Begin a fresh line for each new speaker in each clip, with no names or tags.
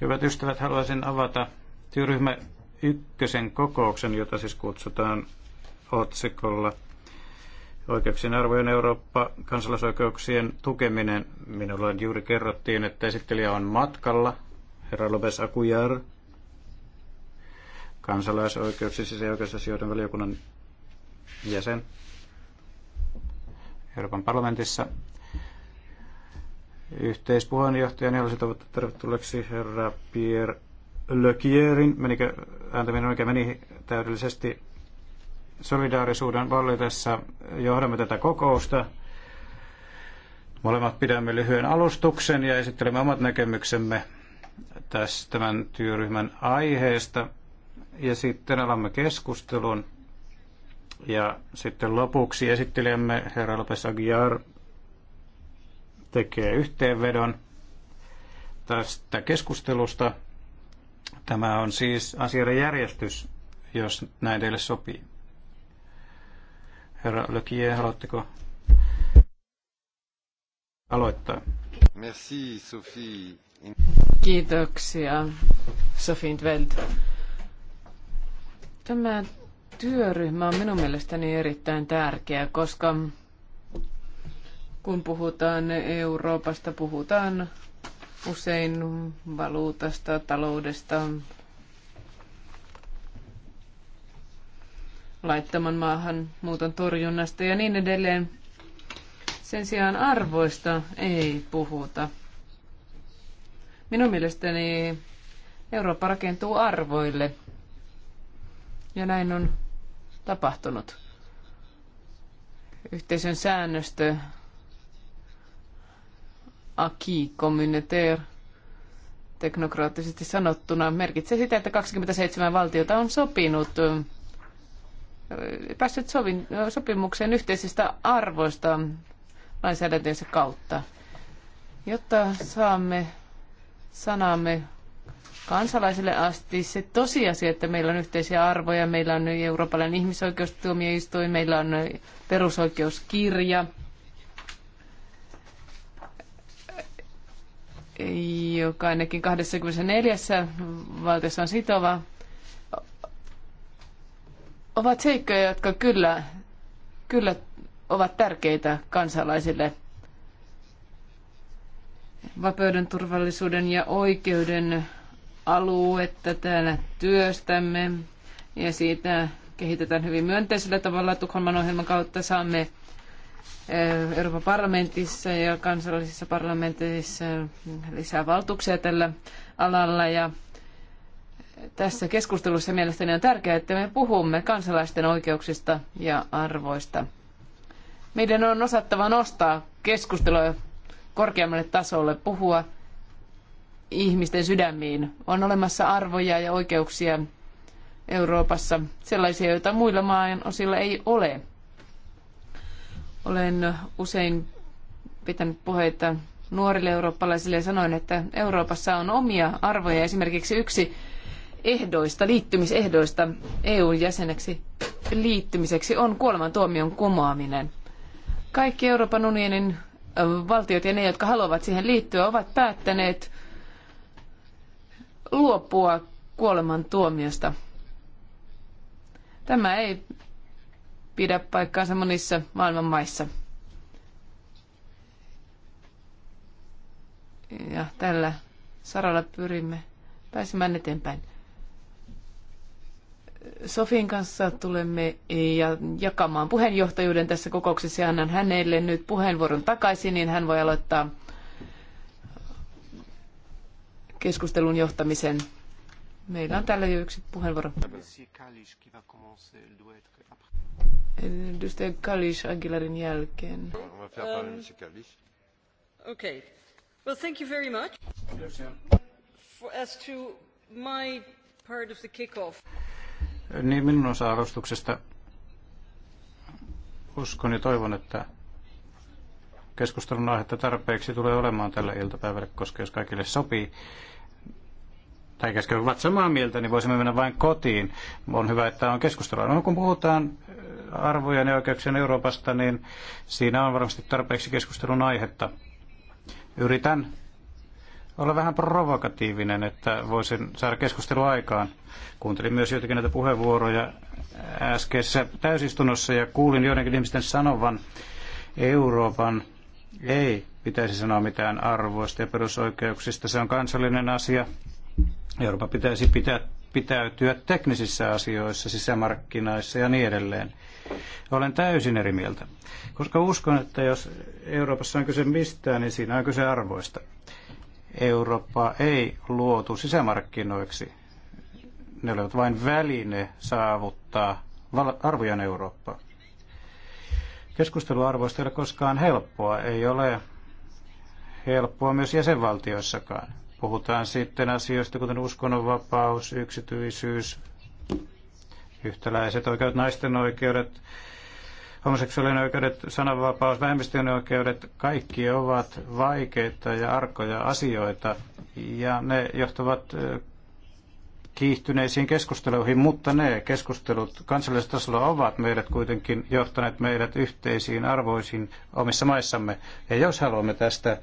Hyvät ystävät, haluaisin avata työryhmä ykkösen kokouksen, jota siis kutsutaan otsikolla Oikeuksien arvojen Eurooppa, kansalaisoikeuksien tukeminen. Minulla juuri kerrottiin, että esittelijä on matkalla, herra Lopes Akujar, kansalaisoikeuksien oikeusasioiden valiokunnan jäsen Euroopan parlamentissa yhteispuheenjohtajani niin olisi toivottu tervetulleeksi herra Pierre Lökierin, menikö ääntäminen oikein meni täydellisesti solidaarisuuden vallitessa. Johdamme tätä kokousta. Molemmat pidämme lyhyen alustuksen ja esittelemme omat näkemyksemme tästä tämän työryhmän aiheesta. Ja sitten alamme keskustelun. Ja sitten lopuksi esittelemme herra Lopes Aguiar tekee yhteenvedon tästä keskustelusta. Tämä on siis asioiden järjestys, jos näin teille sopii. Herra Lökiä, haluatteko aloittaa? Merci, Sophie.
Kiitoksia, Sofie Veld. Tämä työryhmä on minun mielestäni erittäin tärkeä, koska kun puhutaan Euroopasta, puhutaan usein valuutasta, taloudesta, laittaman maahan muuton torjunnasta ja niin edelleen. Sen sijaan arvoista ei puhuta. Minun mielestäni Eurooppa rakentuu arvoille. Ja näin on tapahtunut. Yhteisön säännöstö aki communautaire teknokraattisesti sanottuna merkitsee sitä, että 27 valtiota on sopinut päässyt sovin, sopimukseen yhteisistä arvoista lainsäädäntönsä kautta. Jotta saamme sanamme kansalaisille asti se tosiasia, että meillä on yhteisiä arvoja, meillä on Euroopan ihmisoikeustuomioistuin, meillä on perusoikeuskirja – joka ainakin 24 valtiossa on sitova, ovat seikkoja, jotka kyllä, kyllä ovat tärkeitä kansalaisille. Vapeuden, turvallisuuden ja oikeuden aluetta täällä työstämme ja siitä kehitetään hyvin myönteisellä tavalla Tukholman ohjelman kautta saamme Eh, Euroopan parlamentissa ja kansallisissa parlamenteissa lisää valtuuksia tällä alalla ja tässä keskustelussa mielestäni on tärkeää, että me puhumme kansalaisten oikeuksista ja arvoista. Meidän on osattava nostaa keskustelua korkeammalle tasolle, puhua ihmisten sydämiin. On olemassa arvoja ja oikeuksia Euroopassa, sellaisia, joita muilla maan osilla ei ole. Olen usein pitänyt puheita nuorille eurooppalaisille ja sanoin, että Euroopassa on omia arvoja. Esimerkiksi yksi ehdoista, liittymisehdoista EU-jäseneksi liittymiseksi on kuolemantuomion kumoaminen. Kaikki Euroopan unionin valtiot ja ne, jotka haluavat siihen liittyä, ovat päättäneet luopua kuolemantuomiosta. Tämä ei pidä paikkaansa monissa maailman maissa. Ja tällä saralla pyrimme pääsemään eteenpäin. Sofin kanssa tulemme ja jakamaan puheenjohtajuuden tässä kokouksessa ja annan hänelle nyt puheenvuoron takaisin, niin hän voi aloittaa keskustelun johtamisen. Meillä on täällä jo yksi puheenvuoro. Edustaja Kalis Aguilarin jälkeen. Um,
okay. Well, thank you very much. For, as to my part of the kick-off.
Niin minun osa-arvostuksesta uskon ja toivon, että keskustelun aihetta tarpeeksi tulee olemaan tällä iltapäivällä, koska jos kaikille sopii, tai jos ovat samaa mieltä, niin voisimme mennä vain kotiin. On hyvä, että on keskustelua. No, kun puhutaan arvojen ja oikeuksien Euroopasta, niin siinä on varmasti tarpeeksi keskustelun aihetta. Yritän olla vähän provokatiivinen, että voisin saada keskustelua aikaan. Kuuntelin myös joitakin näitä puheenvuoroja äskeisessä täysistunnossa ja kuulin joidenkin ihmisten sanovan Euroopan ei pitäisi sanoa mitään arvoista ja perusoikeuksista. Se on kansallinen asia. Eurooppa pitäisi pitää pitäytyä teknisissä asioissa, sisämarkkinoissa ja niin edelleen. Olen täysin eri mieltä, koska uskon, että jos Euroopassa on kyse mistään, niin siinä on kyse arvoista. Eurooppa ei luotu sisämarkkinoiksi. Ne olivat vain väline saavuttaa arvojen Eurooppaa. Keskustelu arvoista ei ole koskaan helppoa. Ei ole helppoa myös jäsenvaltioissakaan. Puhutaan sitten asioista, kuten uskonnonvapaus, yksityisyys, yhtäläiset oikeudet, naisten oikeudet, homoseksuaalien oikeudet, sananvapaus, vähemmistöjen oikeudet, kaikki ovat vaikeita ja arkoja asioita ja ne johtavat kiihtyneisiin keskusteluihin, mutta ne keskustelut kansallisella tasolla ovat meidät kuitenkin johtaneet meidät yhteisiin arvoisiin omissa maissamme. Ja jos haluamme tästä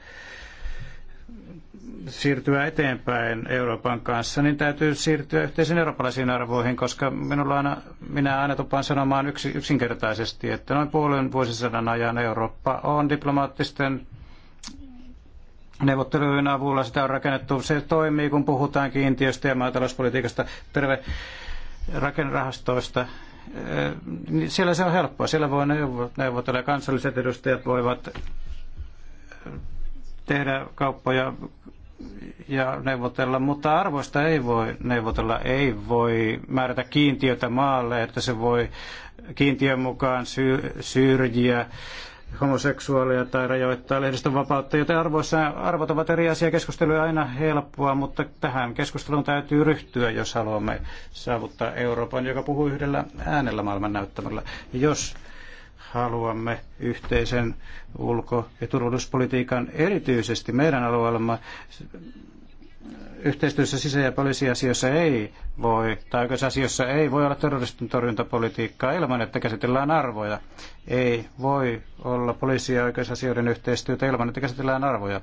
siirtyä eteenpäin Euroopan kanssa, niin täytyy siirtyä yhteisiin eurooppalaisiin arvoihin, koska minulla aina, minä aina tupaan sanomaan yksi, yksinkertaisesti, että noin puolen vuosisadan ajan Eurooppa on diplomaattisten neuvottelujen avulla sitä on rakennettu. Se toimii, kun puhutaan kiintiöstä ja maatalouspolitiikasta, terve rakennerahastoista. Siellä se on helppoa. Siellä voi neuvotella ja kansalliset edustajat voivat tehdä kauppoja ja neuvotella, mutta arvoista ei voi neuvotella, ei voi määrätä kiintiötä maalle, että se voi kiintiön mukaan syrjiä homoseksuaaleja tai rajoittaa lehdistön vapautta, joten arvoissa arvot ovat eri asia, keskustelu on aina helppoa, mutta tähän keskusteluun täytyy ryhtyä, jos haluamme saavuttaa Euroopan, joka puhuu yhdellä äänellä maailman näyttämällä. Jos haluamme yhteisen ulko- ja turvallisuuspolitiikan erityisesti meidän alueellamme yhteistyössä sisä- ja poliisiasioissa ei voi, tai oikeusasioissa ei voi olla terroristin torjuntapolitiikkaa ilman, että käsitellään arvoja. Ei voi olla poliisi- ja oikeusasioiden yhteistyötä ilman, että käsitellään arvoja.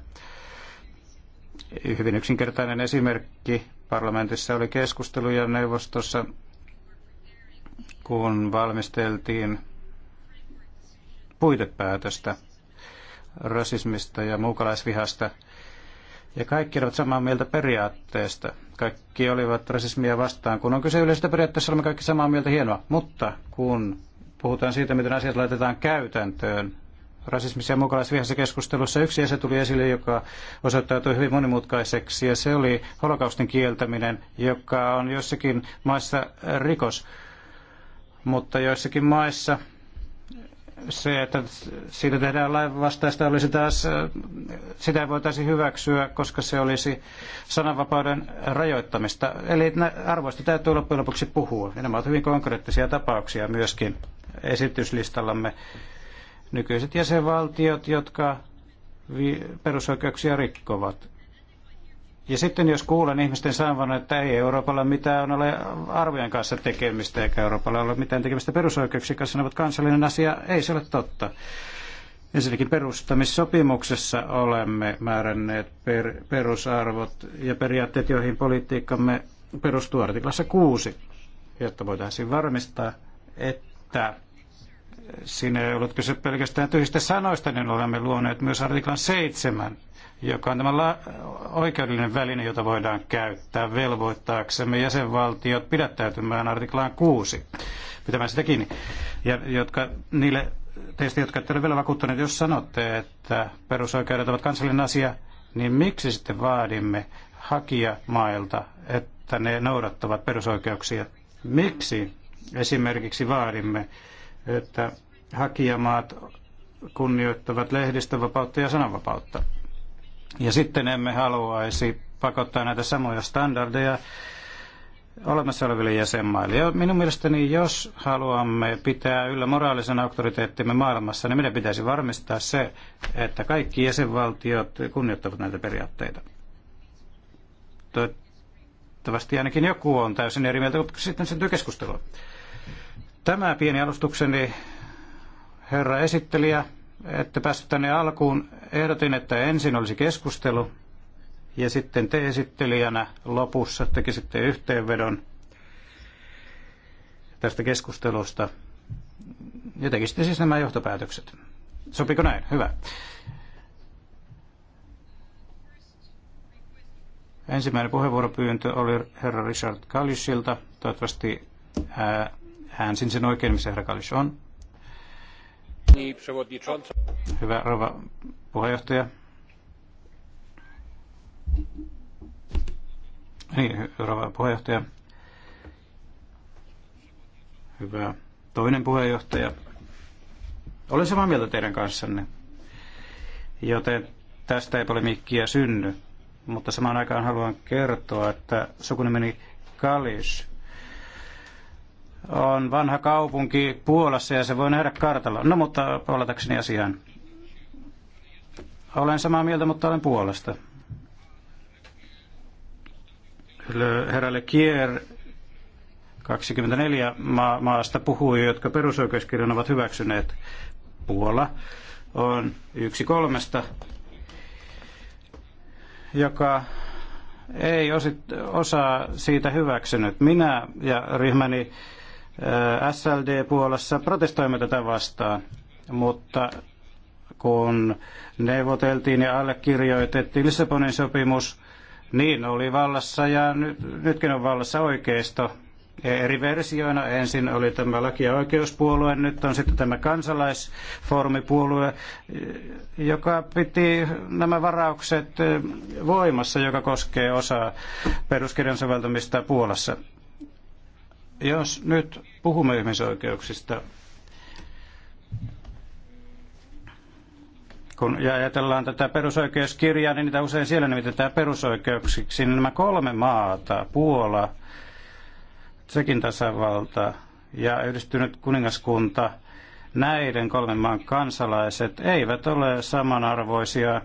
Hyvin yksinkertainen esimerkki parlamentissa oli keskustelu ja neuvostossa, kun valmisteltiin puitepäätöstä rasismista ja muukalaisvihasta. Ja kaikki olivat samaa mieltä periaatteesta. Kaikki olivat rasismia vastaan. Kun on kyse yleisestä periaatteesta, olemme kaikki samaa mieltä hienoa. Mutta kun puhutaan siitä, miten asiat laitetaan käytäntöön, rasismissa ja muukalaisvihassa keskustelussa yksi asia tuli esille, joka osoittautui hyvin monimutkaiseksi, ja se oli holokaustin kieltäminen, joka on jossakin maissa rikos, mutta joissakin maissa se, että siitä tehdään lainvastaista, olisi taas, sitä ei voitaisi hyväksyä, koska se olisi sananvapauden rajoittamista. Eli arvoista täytyy loppujen lopuksi puhua. Ja nämä ovat hyvin konkreettisia tapauksia myöskin esityslistallamme. Nykyiset jäsenvaltiot, jotka perusoikeuksia rikkovat. Ja sitten jos kuulen ihmisten sanovan, että ei Euroopalla mitään ole arvojen kanssa tekemistä, eikä Euroopalla ole mitään tekemistä perusoikeuksien kanssa, ne ovat kansallinen asia, ei se ole totta. Ensinnäkin perustamissopimuksessa olemme määränneet per, perusarvot ja periaatteet, joihin politiikkamme perustuu artiklassa 6, jotta voitaisiin varmistaa, että siinä ei ollut kyse pelkästään tyhjistä sanoista, niin olemme luoneet myös artiklan 7, joka on tämä la- oikeudellinen väline, jota voidaan käyttää velvoittaaksemme jäsenvaltiot pidättäytymään artiklaan 6, pitämään sitä kiinni, ja jotka niille teistä, jotka ette ole vielä vakuuttaneet, jos sanotte, että perusoikeudet ovat kansallinen asia, niin miksi sitten vaadimme hakijamailta, että ne noudattavat perusoikeuksia? Miksi esimerkiksi vaadimme, että hakijamaat kunnioittavat lehdistönvapautta ja sananvapautta? Ja sitten emme haluaisi pakottaa näitä samoja standardeja olemassa oleville jäsenmaille. Ja minun mielestäni, jos haluamme pitää yllä moraalisen auktoriteettimme maailmassa, niin meidän pitäisi varmistaa se, että kaikki jäsenvaltiot kunnioittavat näitä periaatteita. Toivottavasti ainakin joku on täysin eri mieltä, mutta sitten syntyy keskustelua. Tämä pieni alustukseni, herra esittelijä, että päässyt tänne alkuun, ehdotin, että ensin olisi keskustelu ja sitten te esittelijänä lopussa tekisitte yhteenvedon tästä keskustelusta ja tekisitte siis nämä johtopäätökset. Sopiko näin? Hyvä. Ensimmäinen puheenvuoropyyntö oli herra Richard Kallisilta. Toivottavasti ää, äänsin sen oikein, missä herra Kallis on. Hyvä rouva puheenjohtaja. Niin, rouva puheenjohtaja. Hyvä toinen puheenjohtaja. Olen samaa mieltä teidän kanssanne, joten tästä ei polemiikkia synny. Mutta samaan aikaan haluan kertoa, että sukunimeni Kalis on vanha kaupunki Puolassa ja se voi nähdä kartalla. No mutta palatakseni asiaan. Olen samaa mieltä, mutta olen puolasta. Herra Le Kier 24 ma- maasta puhui, jotka perusoikeuskirjan ovat hyväksyneet. Puola on yksi kolmesta, joka ei osit, osaa siitä hyväksynyt. Minä ja ryhmäni SLD-puolessa protestoimme tätä vastaan, mutta kun neuvoteltiin ja allekirjoitettiin Lissabonin sopimus, niin oli vallassa ja nyt, nytkin on vallassa oikeisto. Eri versioina ensin oli tämä laki- ja oikeuspuolue, nyt on sitten tämä kansalaisformipuolue, joka piti nämä varaukset voimassa, joka koskee osaa peruskirjan soveltamista Puolassa. Jos nyt puhumme ihmisoikeuksista, kun ajatellaan tätä perusoikeuskirjaa, niin niitä usein siellä nimitetään perusoikeuksiksi, niin nämä kolme maata, Puola, Tsekin tasavalta ja yhdistynyt kuningaskunta, näiden kolmen maan kansalaiset eivät ole samanarvoisia äh,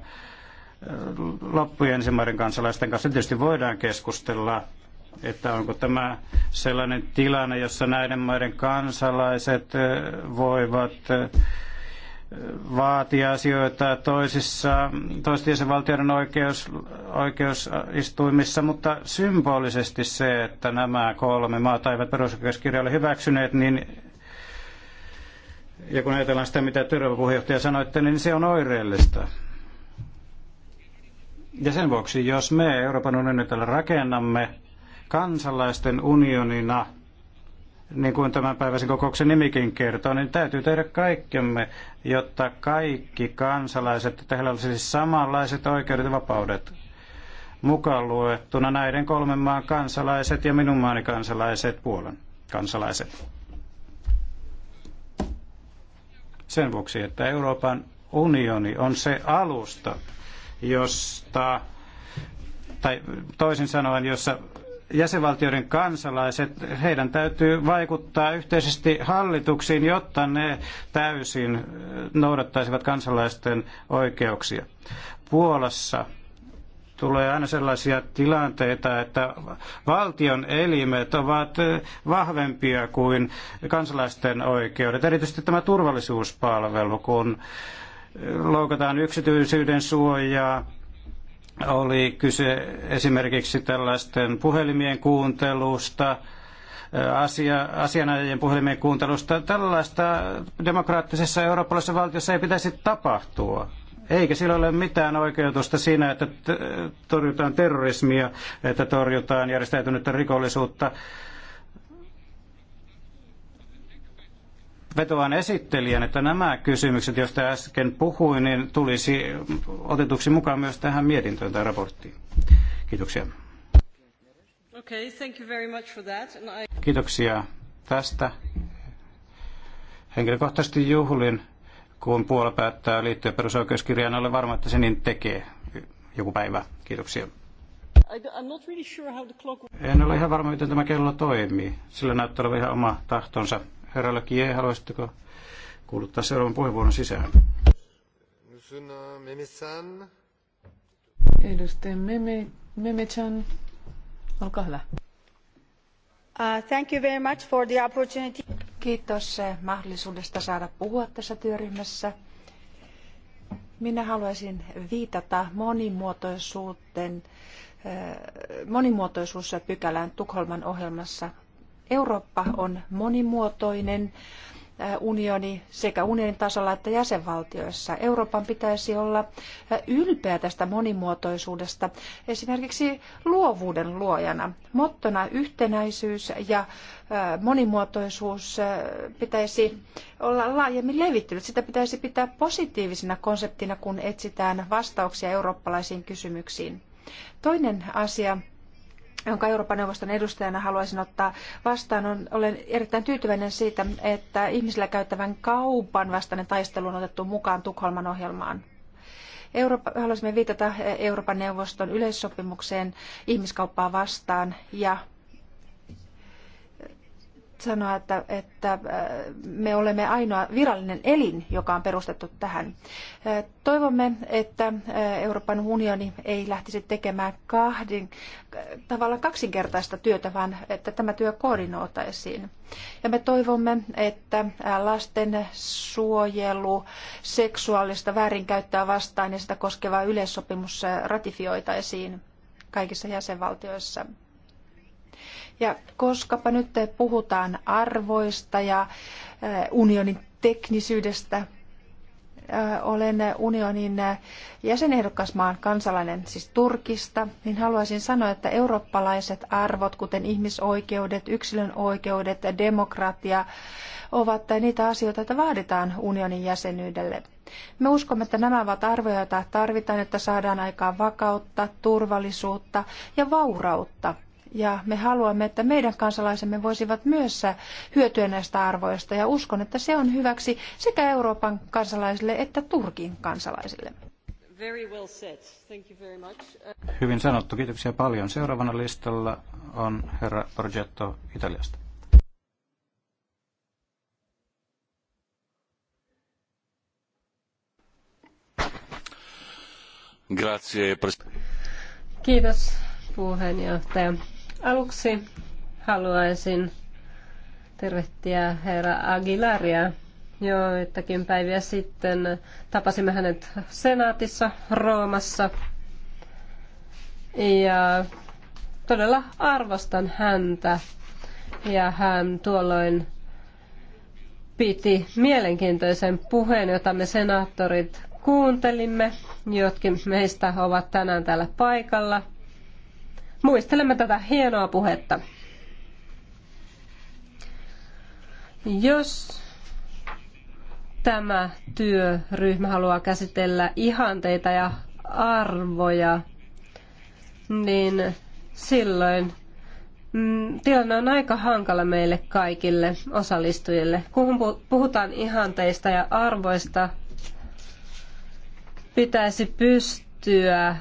loppujen ensimmäisen kansalaisten kanssa. Tietysti voidaan keskustella että onko tämä sellainen tilanne, jossa näiden maiden kansalaiset voivat vaatia asioita toisissa, toistiensa valtioiden oikeus, oikeusistuimissa, mutta symbolisesti se, että nämä kolme maata eivät perusoikeuskirja ole hyväksyneet, niin ja kun ajatellaan sitä, mitä Tyrvä puheenjohtaja sanoitte, niin se on oireellista. Ja sen vuoksi, jos me Euroopan unionin täällä rakennamme, kansalaisten unionina, niin kuin tämän päiväisen kokouksen nimikin kertoo, niin täytyy tehdä kaikkemme, jotta kaikki kansalaiset, että heillä olisi siis samanlaiset oikeudet ja vapaudet mukaan luettuna näiden kolmen maan kansalaiset ja minun maani kansalaiset, Puolan kansalaiset. Sen vuoksi, että Euroopan unioni on se alusta, josta, tai toisin sanoen, jossa jäsenvaltioiden kansalaiset, heidän täytyy vaikuttaa yhteisesti hallituksiin, jotta ne täysin noudattaisivat kansalaisten oikeuksia. Puolassa tulee aina sellaisia tilanteita, että valtion elimet ovat vahvempia kuin kansalaisten oikeudet. Erityisesti tämä turvallisuuspalvelu, kun loukataan yksityisyyden suojaa, oli kyse esimerkiksi tällaisten puhelimien kuuntelusta, asia, asianajajien puhelimien kuuntelusta. Tällaista demokraattisessa eurooppalaisessa valtiossa ei pitäisi tapahtua. Eikä sillä ole mitään oikeutusta siinä, että torjutaan terrorismia, että torjutaan järjestäytynyttä rikollisuutta vetoan esittelijän, että nämä kysymykset, joista äsken puhuin, niin tulisi otetuksi mukaan myös tähän mietintöön tai raporttiin. Kiitoksia.
Okay, thank you very much for that. And I...
Kiitoksia tästä. Henkilökohtaisesti juhlin, kun puola päättää liittyä perusoikeuskirjaan, olen varma, että se niin tekee joku päivä. Kiitoksia.
Really sure clock... En ole
ihan varma, miten tämä kello toimii. Sillä näyttää olevan ihan oma tahtonsa. Herra Lakie, haluaisitteko kuuluttaa seuraavan puheenvuoron sisään? Edustaja Meme, Memechan,
olkaa hyvä. Uh, thank you very much for the opportunity.
Kiitos eh, mahdollisuudesta saada puhua tässä työryhmässä. Minä haluaisin viitata monimuotoisuuteen eh, monimuotoisuuspykälään Tukholman ohjelmassa Eurooppa on monimuotoinen äh, unioni sekä unionin tasolla että jäsenvaltioissa. Euroopan pitäisi olla äh, ylpeä tästä monimuotoisuudesta, esimerkiksi luovuuden luojana. Mottona yhtenäisyys ja äh, monimuotoisuus pitäisi olla laajemmin levittynyt. Sitä pitäisi pitää positiivisena konseptina, kun etsitään vastauksia eurooppalaisiin kysymyksiin. Toinen asia, jonka Euroopan neuvoston edustajana haluaisin ottaa vastaan. On, olen erittäin tyytyväinen siitä, että ihmisillä käyttävän kaupan vastainen taistelu on otettu mukaan Tukholman ohjelmaan. Eurooppa, haluaisimme viitata Euroopan neuvoston yleissopimukseen ihmiskauppaa vastaan ja sanoa, että, että äh, me olemme ainoa virallinen elin, joka on perustettu tähän. Äh, toivomme, että äh, Euroopan unioni ei lähtisi tekemään kahden, tavallaan kaksinkertaista työtä, vaan että tämä työ koordinoitaisiin. Ja me toivomme, että lasten suojelu, seksuaalista väärinkäyttöä vastaan ja sitä koskeva yleissopimus ratifioitaisiin kaikissa jäsenvaltioissa. Ja koskapa nyt puhutaan arvoista ja eh, unionin teknisyydestä, eh, olen unionin eh, jäsenehdokasmaan kansalainen, siis Turkista, niin haluaisin sanoa, että eurooppalaiset arvot, kuten ihmisoikeudet, yksilön oikeudet, ja demokratia, ovat niitä asioita, joita vaaditaan unionin jäsenyydelle. Me uskomme, että nämä ovat arvoja, joita tarvitaan, että saadaan aikaan vakautta, turvallisuutta ja vaurautta ja me haluamme, että meidän kansalaisemme voisivat myös hyötyä näistä arvoista ja uskon, että se on hyväksi sekä Euroopan kansalaisille että Turkin kansalaisille.
Uh,
Hyvin sanottu, kiitoksia paljon. Seuraavana listalla on herra Progetto Italiasta.
Grazie.
Kiitos puheenjohtaja. Aluksi haluaisin tervehtiä herra Aguilaria. Joitakin päiviä sitten tapasimme hänet senaatissa Roomassa. Ja todella arvostan häntä. Ja hän tuolloin piti mielenkiintoisen puheen, jota me senaattorit kuuntelimme. Jotkin meistä ovat tänään täällä paikalla – Muistelemme tätä hienoa puhetta. Jos tämä työryhmä haluaa käsitellä ihanteita ja arvoja, niin silloin mm, tilanne on aika hankala meille kaikille osallistujille. Kun puhutaan ihanteista ja arvoista, pitäisi pystyä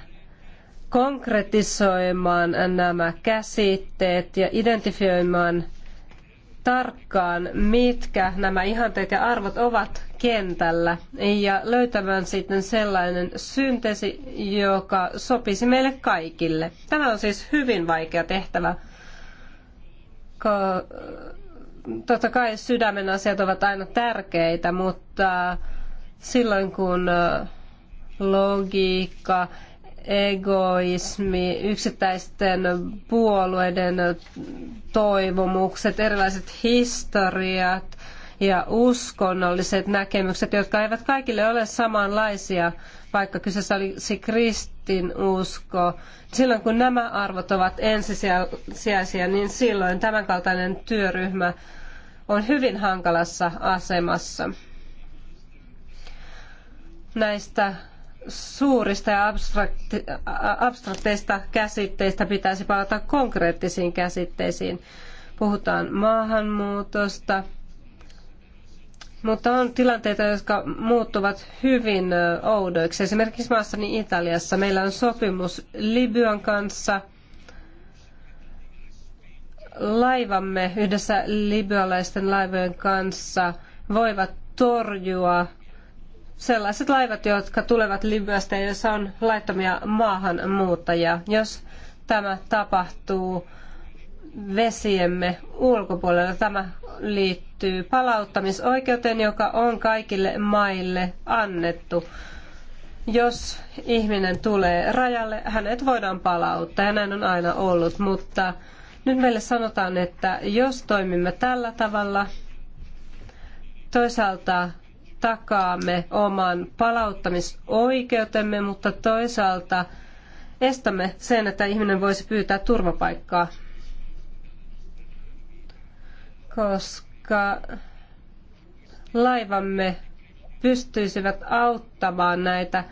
konkretisoimaan nämä käsitteet ja identifioimaan tarkkaan, mitkä nämä ihanteet ja arvot ovat kentällä ja löytämään sitten sellainen synteesi, joka sopisi meille kaikille. Tämä on siis hyvin vaikea tehtävä. Ko- Totta kai sydämen asiat ovat aina tärkeitä, mutta silloin kun äh, logiikka egoismi, yksittäisten puolueiden toivomukset, erilaiset historiat ja uskonnolliset näkemykset, jotka eivät kaikille ole samanlaisia, vaikka kyseessä olisi kristinusko. Silloin kun nämä arvot ovat ensisijaisia, niin silloin tämänkaltainen työryhmä on hyvin hankalassa asemassa. Näistä suurista ja abstrakti, abstrakteista käsitteistä pitäisi palata konkreettisiin käsitteisiin. Puhutaan maahanmuutosta, mutta on tilanteita, jotka muuttuvat hyvin oudoiksi. Esimerkiksi maassani Italiassa meillä on sopimus Libyan kanssa. Laivamme yhdessä libyalaisten laivojen kanssa voivat torjua sellaiset laivat, jotka tulevat Libyasta ja joissa on laittomia maahanmuuttajia. Jos tämä tapahtuu vesiemme ulkopuolella, tämä liittyy palauttamisoikeuteen, joka on kaikille maille annettu. Jos ihminen tulee rajalle, hänet voidaan palauttaa ja näin on aina ollut, mutta nyt meille sanotaan, että jos toimimme tällä tavalla, toisaalta takaamme oman palauttamisoikeutemme, mutta toisaalta estämme sen, että ihminen voisi pyytää turvapaikkaa. Koska laivamme pystyisivät auttamaan näitä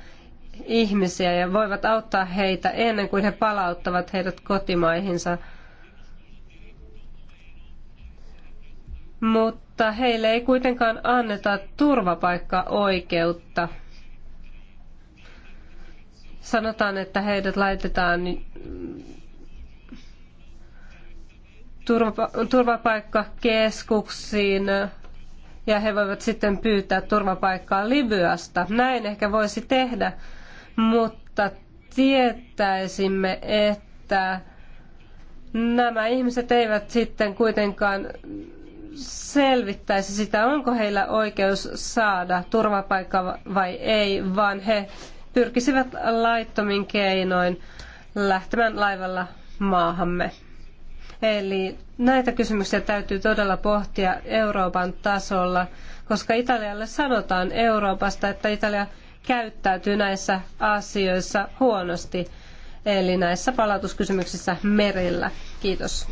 ihmisiä ja voivat auttaa heitä ennen kuin he palauttavat heidät kotimaihinsa – mutta heille ei kuitenkaan anneta turvapaikkaoikeutta. Sanotaan, että heidät laitetaan niin, mm, turvapaikkakeskuksiin ja he voivat sitten pyytää turvapaikkaa Libyasta. Näin ehkä voisi tehdä, mutta tietäisimme, että nämä ihmiset eivät sitten kuitenkaan selvittäisi sitä, onko heillä oikeus saada turvapaikka vai ei, vaan he pyrkisivät laittomin keinoin lähtemään laivalla maahamme. Eli näitä kysymyksiä täytyy todella pohtia Euroopan tasolla, koska Italialle sanotaan Euroopasta, että Italia käyttäytyy näissä asioissa huonosti, eli näissä palautuskysymyksissä
merillä. Kiitos.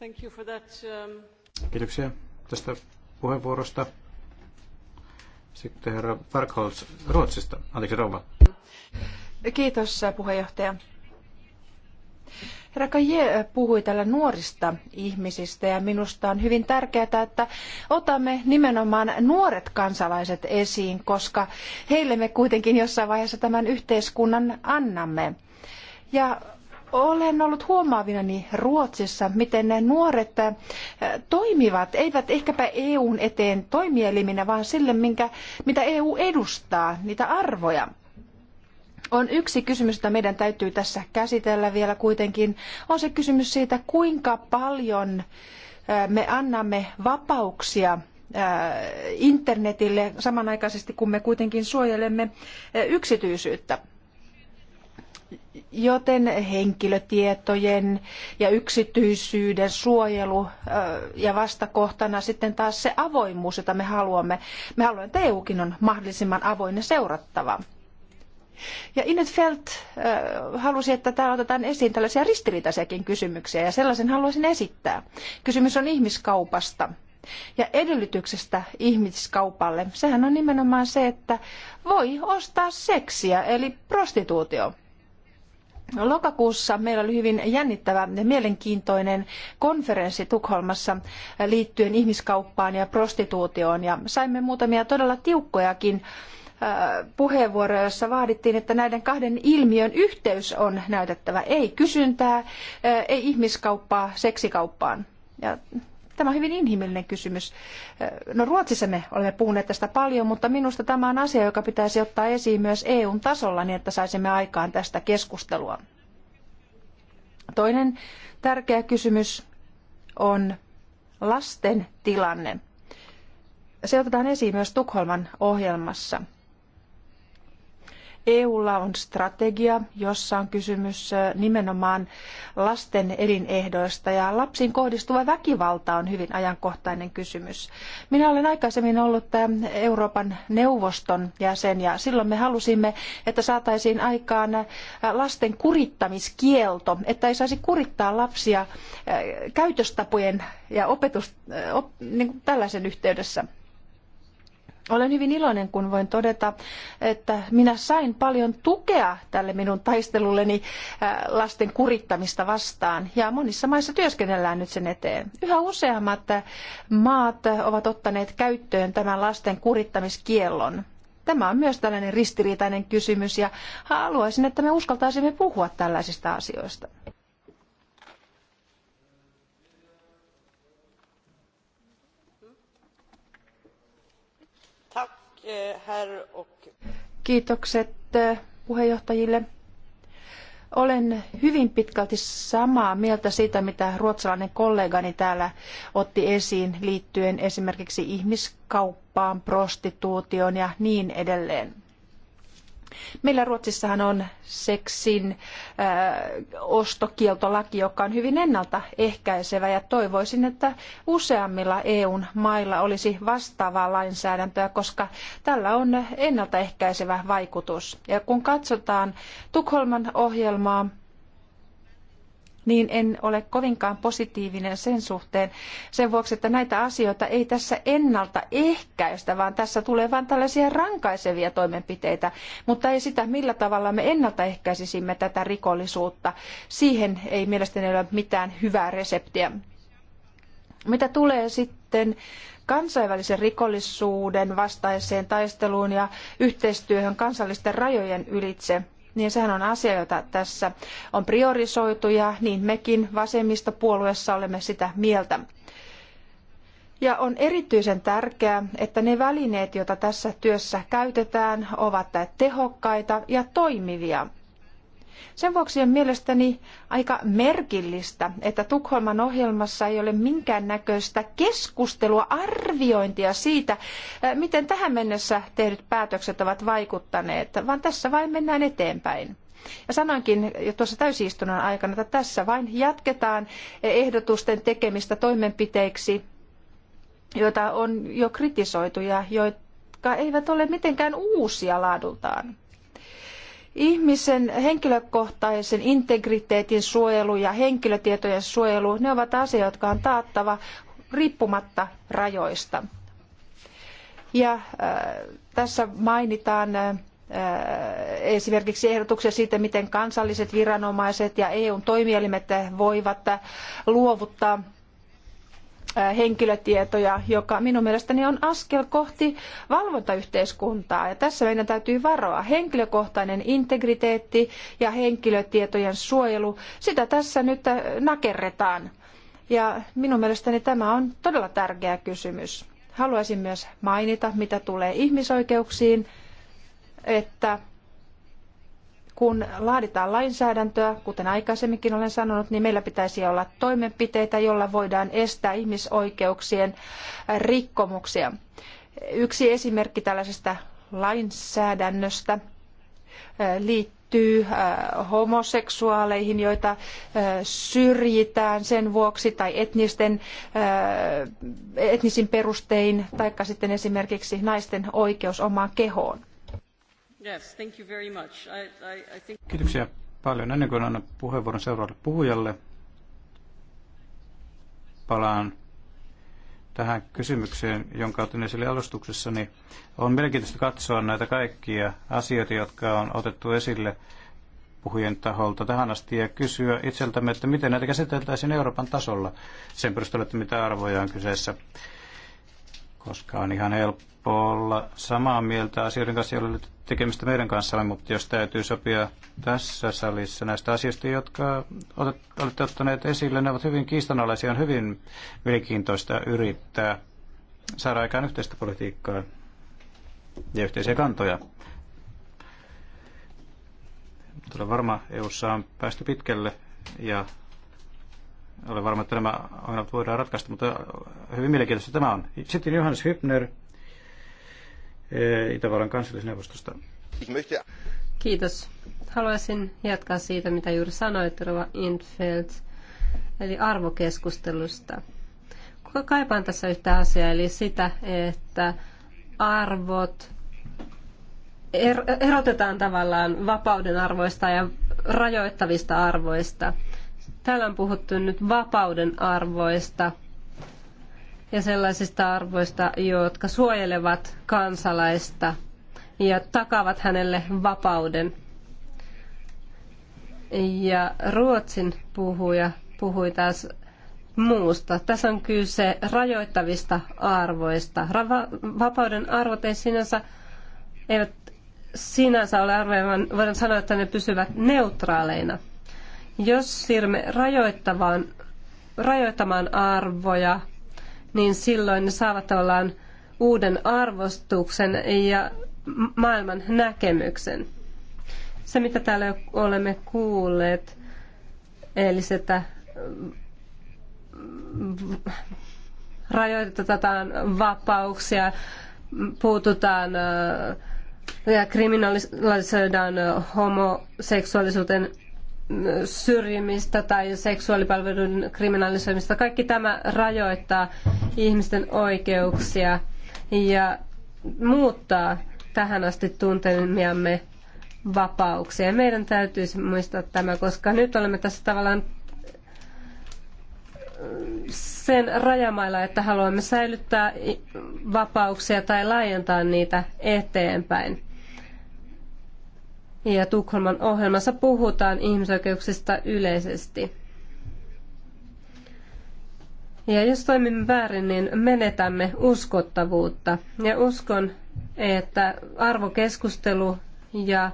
Thank you for that, um,
Kiitoksia tästä puheenvuorosta. Sitten herra Parkholz Ruotsista. Anteeksi rouva.
Kiitos
äh, puheenjohtaja. Herra Kaje äh, puhui täällä nuorista ihmisistä ja minusta on hyvin tärkeää, että otamme nimenomaan nuoret kansalaiset esiin, koska heille me kuitenkin jossain vaiheessa tämän yhteiskunnan annamme. Ja olen ollut huomaavinani Ruotsissa, miten ne nuoret eh, toimivat, eivät ehkäpä EUn eteen toimieliminä, vaan sille, minkä, mitä EU edustaa, niitä arvoja. On yksi kysymys, jota meidän täytyy tässä käsitellä vielä kuitenkin, on se kysymys siitä, kuinka paljon eh, me annamme vapauksia eh, internetille samanaikaisesti, kun me kuitenkin suojelemme yksityisyyttä joten henkilötietojen ja yksityisyyden suojelu ja vastakohtana sitten taas se avoimuus, jota me haluamme. Me haluamme, että EUkin on mahdollisimman avoin ja seurattava. Ja Inet Felt halusi, että täällä otetaan esiin tällaisia ristiriitaisiakin kysymyksiä ja sellaisen haluaisin esittää. Kysymys on ihmiskaupasta. Ja edellytyksestä ihmiskaupalle, sehän on nimenomaan se, että voi ostaa seksiä, eli prostituutio. Lokakuussa meillä oli hyvin jännittävä ja mielenkiintoinen konferenssi Tukholmassa liittyen ihmiskauppaan ja prostituutioon ja saimme muutamia todella tiukkojakin äh, puheenvuoroja, jossa vaadittiin, että näiden kahden ilmiön yhteys on näytettävä. Ei kysyntää, äh, ei ihmiskauppaa seksikauppaan. Ja Tämä on hyvin inhimillinen kysymys. No Ruotsissa me olemme puhuneet tästä paljon, mutta minusta tämä on asia, joka pitäisi ottaa esiin myös EUn tasolla niin, että saisimme aikaan tästä keskustelua. Toinen tärkeä kysymys on lasten tilanne. Se otetaan esiin myös Tukholman ohjelmassa – EUlla on strategia, jossa on kysymys nimenomaan lasten elinehdoista ja lapsiin kohdistuva väkivalta on hyvin ajankohtainen kysymys. Minä olen aikaisemmin ollut Euroopan neuvoston jäsen ja silloin me halusimme, että saataisiin aikaan lasten kurittamiskielto, että ei saisi kurittaa lapsia käytöstapojen ja opetus, op, niin tällaisen yhteydessä. Olen hyvin iloinen, kun voin todeta, että minä sain paljon tukea tälle minun taistelulleni äh, lasten kurittamista vastaan. Ja monissa maissa työskennellään nyt sen eteen. Yhä useammat maat ovat ottaneet käyttöön tämän lasten kurittamiskiellon. Tämä on myös tällainen ristiriitainen kysymys ja haluaisin, että me uskaltaisimme puhua tällaisista asioista. Kiitokset eh, puheenjohtajille. Olen hyvin pitkälti samaa mieltä siitä, mitä ruotsalainen kollegani täällä otti esiin liittyen esimerkiksi ihmiskauppaan, prostituutioon ja niin edelleen. Meillä Ruotsissahan on seksin äh, ostokieltolaki, joka on hyvin ennaltaehkäisevä ja toivoisin, että useammilla EUn mailla olisi vastaavaa lainsäädäntöä, koska tällä on ennaltaehkäisevä vaikutus. Ja kun katsotaan Tukholman ohjelmaa, niin en ole kovinkaan positiivinen sen suhteen sen vuoksi, että näitä asioita ei tässä ennalta ehkäistä, vaan tässä tulee vain tällaisia rankaisevia toimenpiteitä, mutta ei sitä, millä tavalla me ennaltaehkäisisimme tätä rikollisuutta. Siihen ei mielestäni ole mitään hyvää reseptiä. Mitä tulee sitten kansainvälisen rikollisuuden vastaiseen taisteluun ja yhteistyöhön kansallisten rajojen ylitse, niin sehän on asia, jota tässä on priorisoitu ja niin mekin vasemmistopuolueessa olemme sitä mieltä. Ja on erityisen tärkeää, että ne välineet, joita tässä työssä käytetään, ovat tehokkaita ja toimivia. Sen vuoksi on mielestäni aika merkillistä, että Tukholman ohjelmassa ei ole minkäännäköistä keskustelua, arviointia siitä, eh, miten tähän mennessä tehdyt päätökset ovat vaikuttaneet, vaan tässä vain mennään eteenpäin. Ja sanoinkin jo tuossa täysistunnon aikana, että tässä vain jatketaan ehdotusten tekemistä toimenpiteiksi, joita on jo kritisoitu ja jotka eivät ole mitenkään uusia laadultaan. Ihmisen henkilökohtaisen integriteetin suojelu ja henkilötietojen suojelu, ne ovat asioita, jotka on taattava riippumatta rajoista. Ja äh, tässä mainitaan äh, esimerkiksi ehdotuksia siitä, miten kansalliset viranomaiset ja EUn toimielimet voivat luovuttaa henkilötietoja, joka minun mielestäni on askel kohti valvontayhteiskuntaa. Ja tässä meidän täytyy varoa henkilökohtainen integriteetti ja henkilötietojen suojelu. Sitä tässä nyt nakerretaan. Ja minun mielestäni tämä on todella tärkeä kysymys. Haluaisin myös mainita, mitä tulee ihmisoikeuksiin, että kun laaditaan lainsäädäntöä, kuten aikaisemminkin olen sanonut, niin meillä pitäisi olla toimenpiteitä, joilla voidaan estää ihmisoikeuksien rikkomuksia. Yksi esimerkki tällaisesta lainsäädännöstä äh, liittyy äh, homoseksuaaleihin, joita äh, syrjitään sen vuoksi tai etnisten, etnisin perustein, taikka sitten esimerkiksi naisten
oikeus omaan kehoon
Yes, thank you very much. I, I, I think...
Kiitoksia paljon. Ennen kuin annan puheenvuoron seuraavalle puhujalle, palaan tähän kysymykseen, jonka otin esille alustuksessa. Niin On mielenkiintoista katsoa näitä kaikkia asioita, jotka on otettu esille puhujien taholta tähän asti ja kysyä itseltämme, että miten näitä käsiteltäisiin Euroopan tasolla sen perusteella, että mitä arvoja on kyseessä koska on ihan helppo olla samaa mieltä asioiden kanssa, joilla tekemistä meidän kanssamme, mutta jos täytyy sopia tässä salissa näistä asioista, jotka olette ottaneet esille, ne ovat hyvin kiistanalaisia, on hyvin mielenkiintoista yrittää saada aikaan yhteistä politiikkaa ja yhteisiä kantoja. Tulee varma EU on päästy pitkälle ja olen varma, että nämä ongelmat voidaan ratkaista, mutta hyvin mielenkiintoista tämä on. Sitten Johannes Hübner eh, Itävallan kansallisneuvostosta.
Kiitos. Haluaisin jatkaa siitä, mitä juuri sanoit, Rova Infeld, eli arvokeskustelusta. Kaipaan tässä yhtä asiaa, eli sitä, että arvot er-, erotetaan tavallaan vapauden arvoista ja rajoittavista arvoista. Täällä on puhuttu nyt vapauden arvoista ja sellaisista arvoista, jotka suojelevat kansalaista ja takavat hänelle vapauden. Ja Ruotsin puhuja puhui taas muusta. Tässä on kyse rajoittavista arvoista. vapauden arvot ei sinänsä, eivät sinänsä ole arvoja, vaan voidaan sanoa, että ne pysyvät neutraaleina – jos siirrymme rajoittamaan arvoja, niin silloin ne saavat tavallaan uuden arvostuksen ja maailman näkemyksen. Se, mitä täällä olemme kuulleet, eli se, että rajoitetaan vapauksia, puututaan äh, ja kriminalisoidaan homoseksuaalisuuteen syrjimistä tai seksuaalipalvelun kriminalisoimista. Kaikki tämä rajoittaa ihmisten oikeuksia ja muuttaa tähän asti tuntemiamme vapauksia. Meidän täytyisi muistaa tämä, koska nyt olemme tässä tavallaan sen rajamailla, että haluamme säilyttää vapauksia tai laajentaa niitä eteenpäin. Ja Tukholman ohjelmassa puhutaan ihmisoikeuksista yleisesti. Ja jos toimimme väärin, niin menetämme uskottavuutta. Ja uskon, että arvokeskustelu ja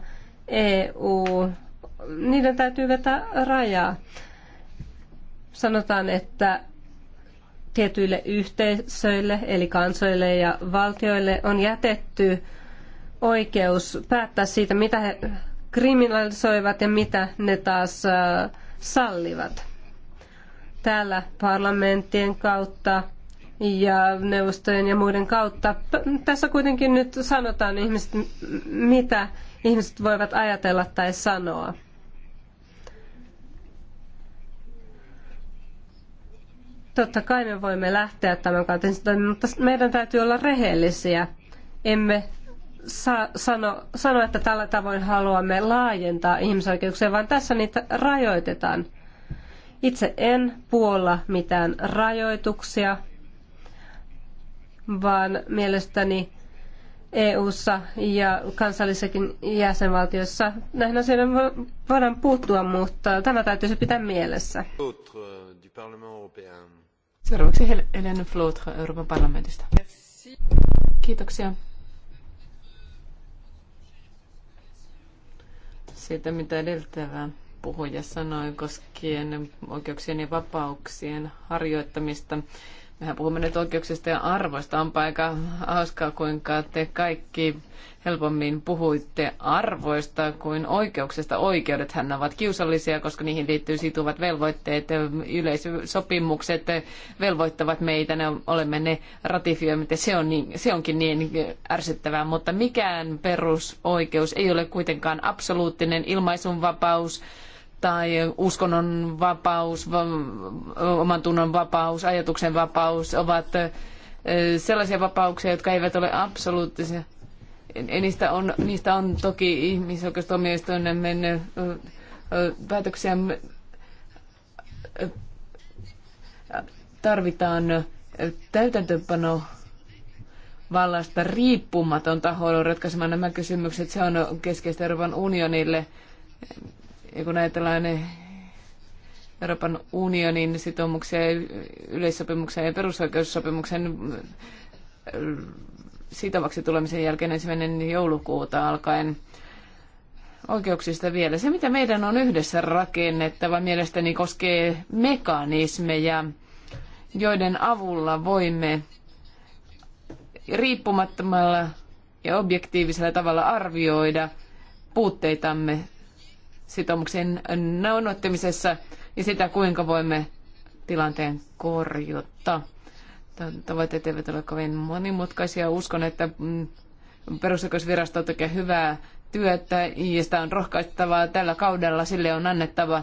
EU, niiden täytyy vetää rajaa. Sanotaan, että tietyille yhteisöille, eli kansoille ja valtioille on jätetty oikeus päättää siitä, mitä he kriminalisoivat ja mitä ne taas äh, sallivat. Täällä parlamenttien kautta ja neuvostojen ja muiden kautta. Tässä kuitenkin nyt sanotaan ihmiset, mitä ihmiset voivat ajatella tai sanoa. Totta kai me voimme lähteä tämän kautta, mutta meidän täytyy olla rehellisiä. Emme sano, sano, että tällä tavoin haluamme laajentaa ihmisoikeuksia, vaan tässä niitä rajoitetaan. Itse en puolla mitään rajoituksia, vaan mielestäni EU:ssa ja kansallisissakin jäsenvaltioissa näihin asioihin voidaan puuttua, mutta tämä täytyisi pitää mielessä.
Seuraavaksi Helen Flotre Euroopan parlamentista. Kiitoksia siitä, mitä edeltävä puhuja sanoi koskien oikeuksien ja vapauksien harjoittamista. Mehän puhumme nyt oikeuksista ja arvoista. Onpa aika hauskaa, kuinka te kaikki helpommin puhuitte arvoista kuin oikeuksista. Oikeudethan ovat kiusallisia, koska niihin liittyy situvat velvoitteet. yleisösopimukset velvoittavat meitä, ne olemme ne ratifioimit ja se, on niin, se onkin niin ärsyttävää. Mutta mikään perusoikeus ei ole kuitenkaan absoluuttinen ilmaisunvapaus tai uskonnon vapaus, oman tunnon vapaus, ajatuksen vapaus ovat sellaisia vapauksia, jotka eivät ole absoluuttisia niistä on, niistä on toki ihmisoikeustuomioistuimen mennyt päätöksiä tarvitaan täytäntöpano vallasta riippumaton taho ratkaisemaan nämä kysymykset. Se on keskeistä Euroopan unionille. Ja kun ajatellaan Euroopan unionin sitoumuksia, yleissopimuksia ja perusoikeussopimuksen sitovaksi tulemisen jälkeen ensimmäinen joulukuuta alkaen oikeuksista vielä. Se, mitä meidän on yhdessä rakennettava, mielestäni koskee mekanismeja, joiden avulla voimme riippumattomalla ja objektiivisella tavalla arvioida puutteitamme sitoumuksen noudattamisessa ja sitä, kuinka voimme tilanteen korjata tavoitteet eivät ole kovin monimutkaisia. Uskon, että mm, perusoikeusvirasto tekee hyvää työtä ja sitä on rohkaistavaa tällä kaudella. Sille on annettava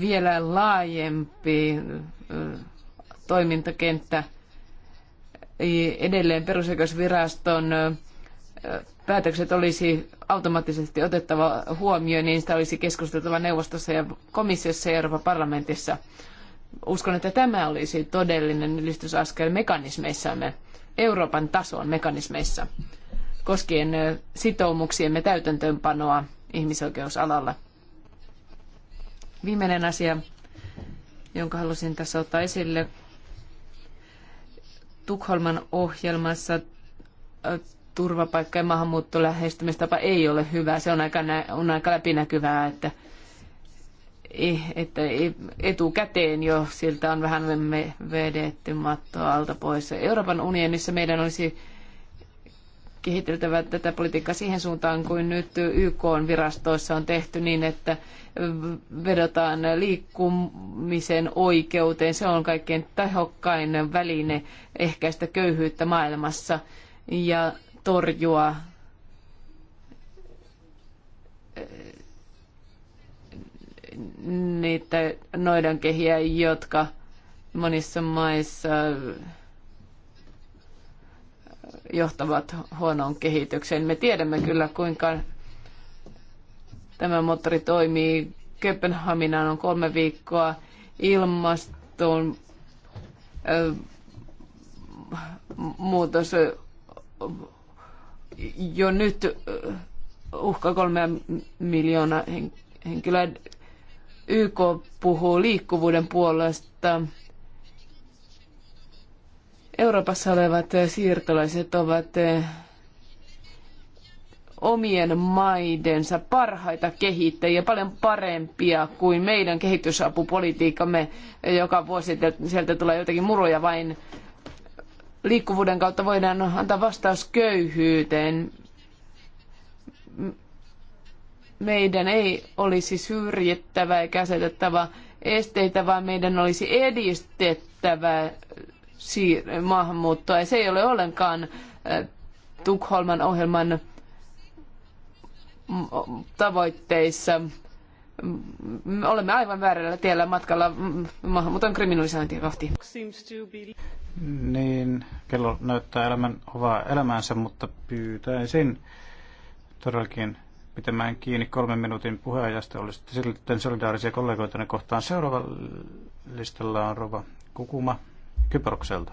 vielä laajempi toimintakenttä edelleen perusoikeusviraston päätökset olisi automaattisesti otettava huomioon, niin sitä olisi keskusteltava neuvostossa ja komissiossa ja Euroopan parlamentissa. Uskon, että tämä olisi todellinen ylistysaskel mekanismeissamme, Euroopan tason mekanismeissa, koskien sitoumuksiemme täytäntöönpanoa ihmisoikeusalalla. Viimeinen asia, jonka halusin tässä ottaa esille, Tukholman ohjelmassa turvapaikka- ja maahanmuuttolähestymistapa ei ole hyvä. Se on aika, on aika läpinäkyvää, että Eh, että etukäteen jo siltä on vähän vedetty mattoa alta pois. Euroopan unionissa meidän olisi kehiteltävä tätä politiikkaa siihen suuntaan kuin nyt YK-virastoissa on tehty niin, että vedotaan liikkumisen oikeuteen. Se on kaikkein tehokkain väline ehkäistä köyhyyttä maailmassa ja torjua niitä noidankehiä, jotka monissa maissa johtavat huonoon kehitykseen. Me tiedämme kyllä, kuinka tämä moottori toimii. Kööpenhaminaan on kolme viikkoa ilmaston muutos jo nyt uhka kolmea miljoonaa henkilöä YK puhuu liikkuvuuden puolesta. Euroopassa olevat siirtolaiset ovat eh, omien maidensa parhaita kehittäjiä, paljon parempia kuin meidän kehitysapupolitiikkamme, joka vuosi sieltä tulee jotakin muruja vain. Liikkuvuuden kautta voidaan antaa vastaus köyhyyteen meidän ei olisi syrjittävä eikä asetettava esteitä, vaan meidän olisi edistettävä maahanmuuttoa. Ja se ei ole ollenkaan äh, Tukholman ohjelman tavoitteissa. Me olemme aivan väärällä tiellä matkalla maahanmuuton kriminalisointia kohti.
Niin, kello näyttää elämän, ovaa elämäänsä, mutta pyytäisin todellakin pitämään kiinni kolmen minuutin puheajasta. Olisitte sitten solidaarisia kollegoita kohtaan. Seuraava listalla on Rova Kukuma Kyprokselta.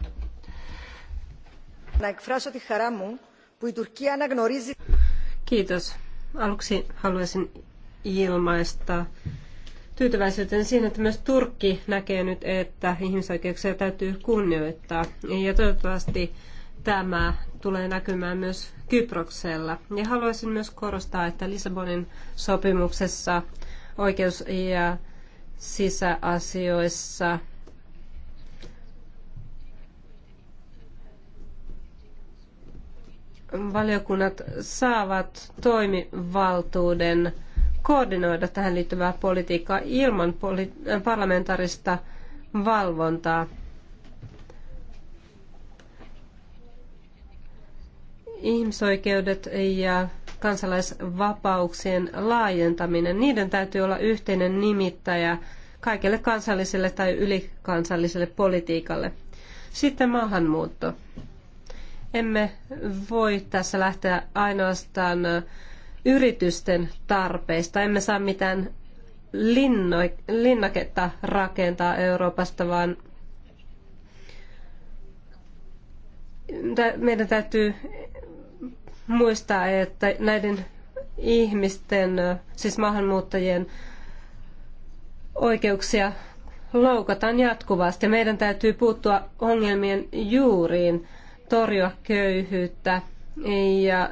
Kiitos. Aluksi haluaisin ilmaista tyytyväisyyteen siinä, että myös Turkki näkee nyt, että ihmisoikeuksia täytyy kunnioittaa. Ja toivottavasti tämä tulee näkymään myös Kyproksella. Ja haluaisin myös korostaa, että Lissabonin sopimuksessa oikeus- ja sisäasioissa valiokunnat saavat toimivaltuuden koordinoida tähän liittyvää politiikkaa ilman parlamentaarista valvontaa. ihmisoikeudet ja kansalaisvapauksien laajentaminen, niiden täytyy olla yhteinen nimittäjä kaikille kansalliselle tai ylikansalliselle politiikalle. Sitten maahanmuutto. Emme voi tässä lähteä ainoastaan yritysten tarpeista. Emme saa mitään linnoi, linnaketta rakentaa Euroopasta, vaan meidän täytyy muistaa, että näiden ihmisten, siis maahanmuuttajien oikeuksia loukataan jatkuvasti. Meidän täytyy puuttua ongelmien juuriin, torjua köyhyyttä ja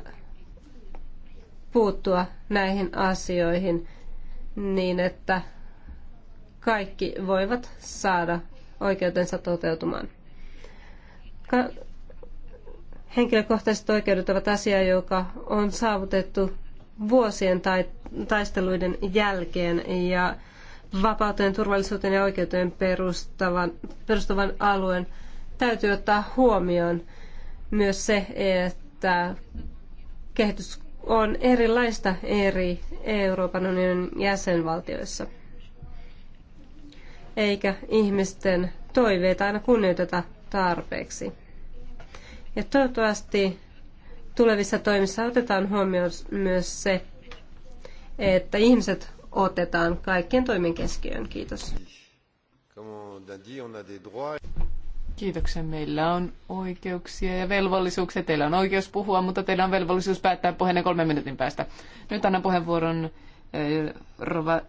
puuttua näihin asioihin niin, että kaikki voivat saada oikeutensa toteutumaan. Henkilökohtaiset oikeudet ovat asia, joka on saavutettu vuosien tai, taisteluiden jälkeen ja vapauteen, turvallisuuteen ja oikeuteen perustavan, alueen täytyy ottaa huomioon myös se, että kehitys on erilaista eri Euroopan unionin jäsenvaltioissa. Eikä ihmisten toiveita aina kunnioiteta tarpeeksi. Ja toivottavasti tulevissa toimissa otetaan huomioon myös se, että ihmiset
otetaan kaikkien toimien keskiöön. Kiitos. Kiitoksia. Meillä on oikeuksia ja velvollisuuksia. Teillä on oikeus puhua, mutta teillä on velvollisuus päättää puheenne kolmen minuutin päästä. Nyt annan puheenvuoron eh, Rova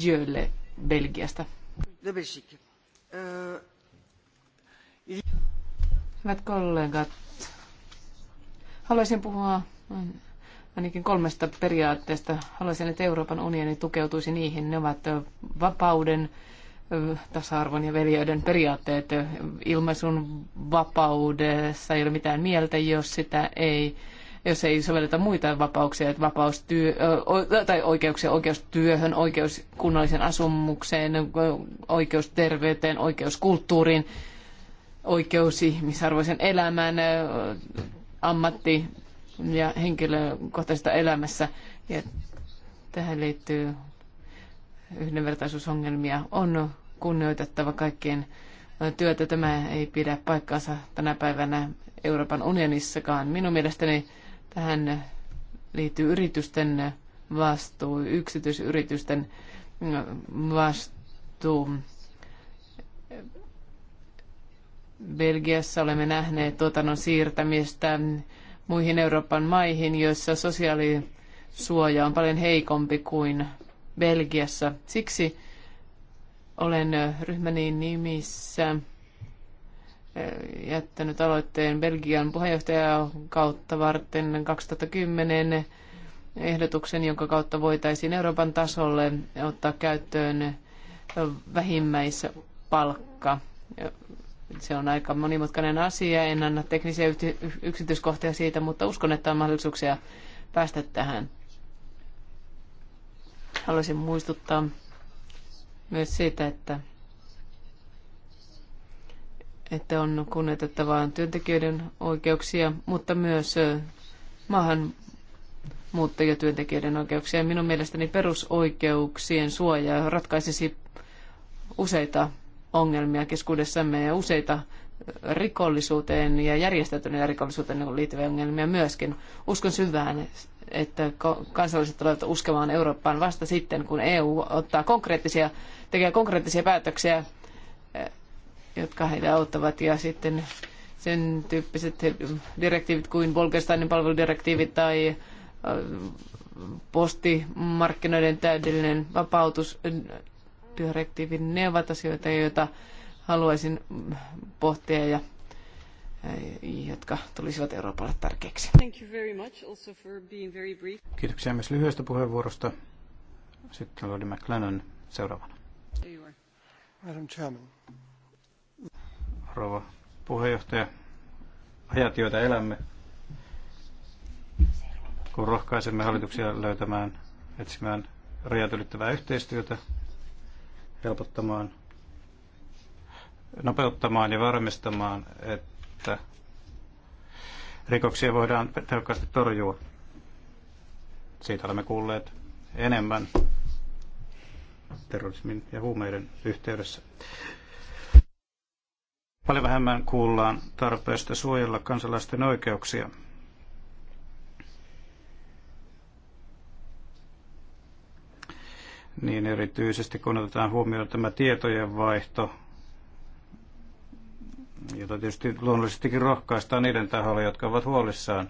Djölle Belgiasta. Euh, Hyvät kollegat, haluaisin puhua ainakin kolmesta periaatteesta. Haluaisin, että Euroopan unioni tukeutuisi niihin. Ne ovat vapauden, tasa-arvon ja veljeyden periaatteet. Ilmaisun vapaudessa ei ole mitään mieltä, jos sitä ei jos ei sovelleta muita vapauksia, että vapaus työ, tai oikeuksia, oikeus työhön, oikeus kunnalliseen asumukseen, oikeus terveyteen, oikeus kulttuuriin, oikeus ihmisarvoisen elämään, ammatti ja henkilökohtaisesta elämässä. Ja tähän liittyy yhdenvertaisuusongelmia. On kunnioitettava kaikkien työtä. Tämä ei pidä paikkaansa tänä päivänä Euroopan unionissakaan. Minun mielestäni tähän liittyy yritysten vastuu, yksityisyritysten vastuu Belgiassa olemme nähneet tuotannon siirtämistä muihin Euroopan maihin, joissa sosiaalisuoja on paljon heikompi kuin Belgiassa. Siksi olen ryhmäni nimissä eh, jättänyt aloitteen Belgian kautta varten 2010 ehdotuksen, jonka kautta voitaisiin Euroopan tasolle ottaa käyttöön vähimmäispalkka se on aika monimutkainen asia. En anna teknisiä yksityiskohtia siitä, mutta uskon, että on mahdollisuuksia päästä tähän. Haluaisin muistuttaa myös siitä, että, että on kunnioitettavaa työntekijöiden oikeuksia, mutta myös maahan muuttajatyöntekijöiden oikeuksia. Minun mielestäni perusoikeuksien suoja ratkaisisi useita ongelmia keskuudessamme ja useita rikollisuuteen ja järjestäytyneen rikollisuuteen liittyviä ongelmia myöskin. Uskon syvään, että kansalaiset tulevat uskomaan Eurooppaan vasta sitten, kun EU ottaa konkreettisia, tekee konkreettisia päätöksiä, eh, jotka heitä auttavat ja sitten sen tyyppiset direktiivit kuin Bolkestainin palveludirektiivi tai eh, postimarkkinoiden täydellinen vapautus eh, direktiivin. Ne ovat asioita, joita haluaisin pohtia ja jotka tulisivat Euroopalle tärkeiksi.
Kiitoksia myös lyhyestä puheenvuorosta. Sitten Lodi McLennan seuraavana. Madam Chairman. Rouva puheenjohtaja, ajat, joita elämme, kun rohkaisemme hallituksia löytämään, etsimään rajat ylittävää yhteistyötä, helpottamaan, nopeuttamaan ja varmistamaan, että rikoksia voidaan tehokkaasti torjua. Siitä olemme kuulleet enemmän terrorismin ja huumeiden yhteydessä. Paljon vähemmän kuullaan tarpeesta suojella kansalaisten oikeuksia. niin erityisesti kun otetaan huomioon tämä tietojen vaihto, jota tietysti luonnollisestikin rohkaistaan niiden taholla, jotka ovat huolissaan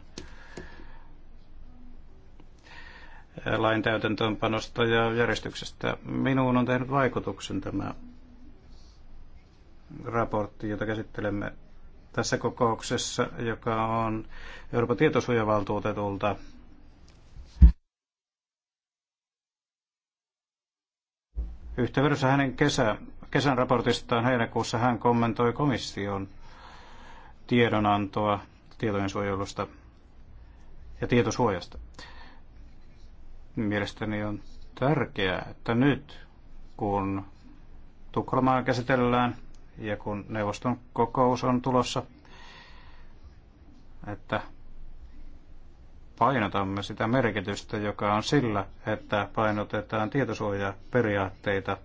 lain täytäntöönpanosta ja järjestyksestä. Minuun on tehnyt vaikutuksen tämä raportti, jota käsittelemme tässä kokouksessa, joka on Euroopan tietosuojavaltuutetulta – Yhteydessä hänen kesä, kesän raportistaan heinäkuussa hän kommentoi komission tiedonantoa suojelusta ja tietosuojasta. Mielestäni on tärkeää, että nyt kun Tukholmaa käsitellään ja kun neuvoston kokous on tulossa, että painotamme sitä merkitystä, joka on sillä, että painotetaan tietosuojaperiaatteita,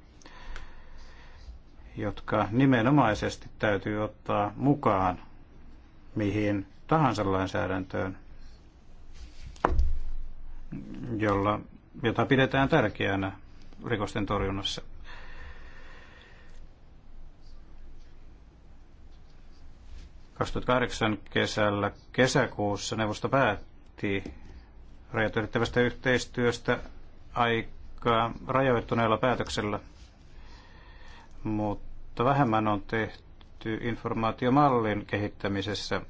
jotka nimenomaisesti täytyy ottaa mukaan mihin tahansa lainsäädäntöön, jolla, jota pidetään tärkeänä rikosten torjunnassa. kesällä kesäkuussa neuvosto päätti, vaatii rajat ylittävästä yhteistyöstä aika rajoittuneella päätöksellä, mutta vähemmän on tehty informaatiomallin kehittämisessä.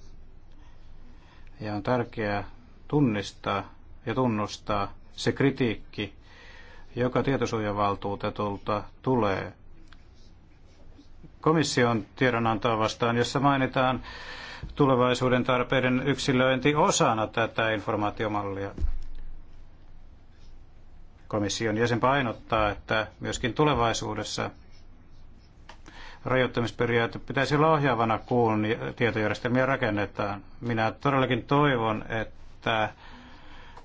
Ja on tärkeää tunnistaa ja tunnustaa se kritiikki, joka tietosuojavaltuutetulta tulee komission tiedonantoa vastaan, jossa mainitaan tulevaisuuden tarpeiden yksilöinti osana tätä informaatiomallia. Komission jäsen painottaa, että myöskin tulevaisuudessa rajoittamisperiaate pitäisi olla ohjaavana, kun tietojärjestelmiä rakennetaan. Minä todellakin toivon, että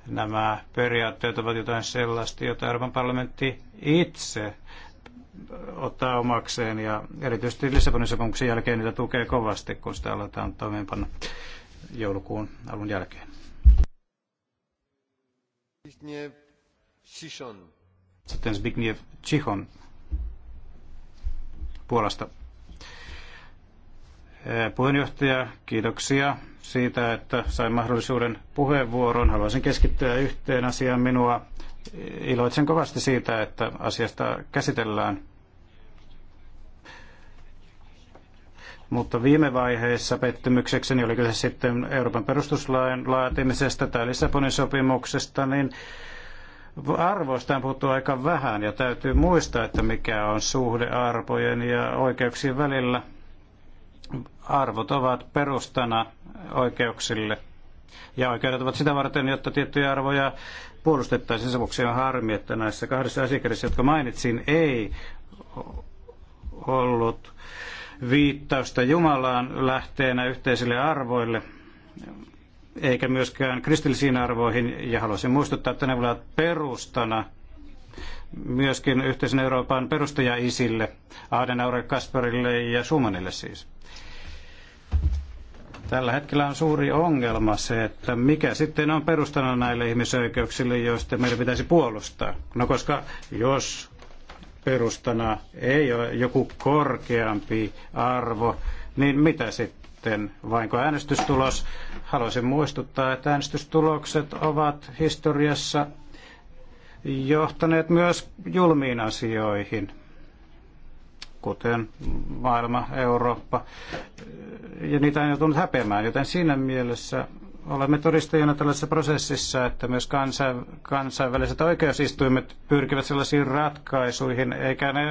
nämä periaatteet ovat jotain sellaista, jota Euroopan parlamentti itse ottaa omakseen ja erityisesti Lissabonin sopimuksen jälkeen niitä tukee kovasti, kun sitä aletaan toimeenpanna joulukuun alun jälkeen. Sitten Zbigniew Chichon puolesta. Puheenjohtaja, kiitoksia siitä, että sain mahdollisuuden puheenvuoron. Haluaisin keskittyä yhteen asiaan minua Iloitsen kovasti siitä, että asiasta käsitellään. Mutta viime vaiheessa pettymyksekseni oli kyse sitten Euroopan perustuslain laatimisesta tai Lissabonin sopimuksesta, niin arvoista on puhuttu aika vähän ja täytyy muistaa, että mikä on suhde arvojen ja oikeuksien välillä. Arvot ovat perustana oikeuksille – ja oikeudet ovat sitä varten, jotta tiettyjä arvoja puolustettaisiin. Sen vuoksi on harmi, että näissä kahdessa asiakirjassa, jotka mainitsin, ei ollut viittausta Jumalaan lähteenä yhteisille arvoille, eikä myöskään kristillisiin arvoihin. Ja haluaisin muistuttaa, että ne ovat perustana myöskin yhteisen Euroopan perustajaisille, Adenauer, Kasperille ja Schumannille siis. Tällä hetkellä on suuri ongelma se, että mikä sitten on perustana näille ihmisoikeuksille, joista meidän pitäisi puolustaa. No koska jos perustana ei ole joku korkeampi arvo, niin mitä sitten? Vainko äänestystulos? Haluaisin muistuttaa, että äänestystulokset ovat historiassa johtaneet myös julmiin asioihin kuten maailma, Eurooppa, ja niitä on joutunut häpeämään, joten siinä mielessä olemme todistajina tällaisessa prosessissa, että myös kansainväliset oikeusistuimet pyrkivät sellaisiin ratkaisuihin, eikä ne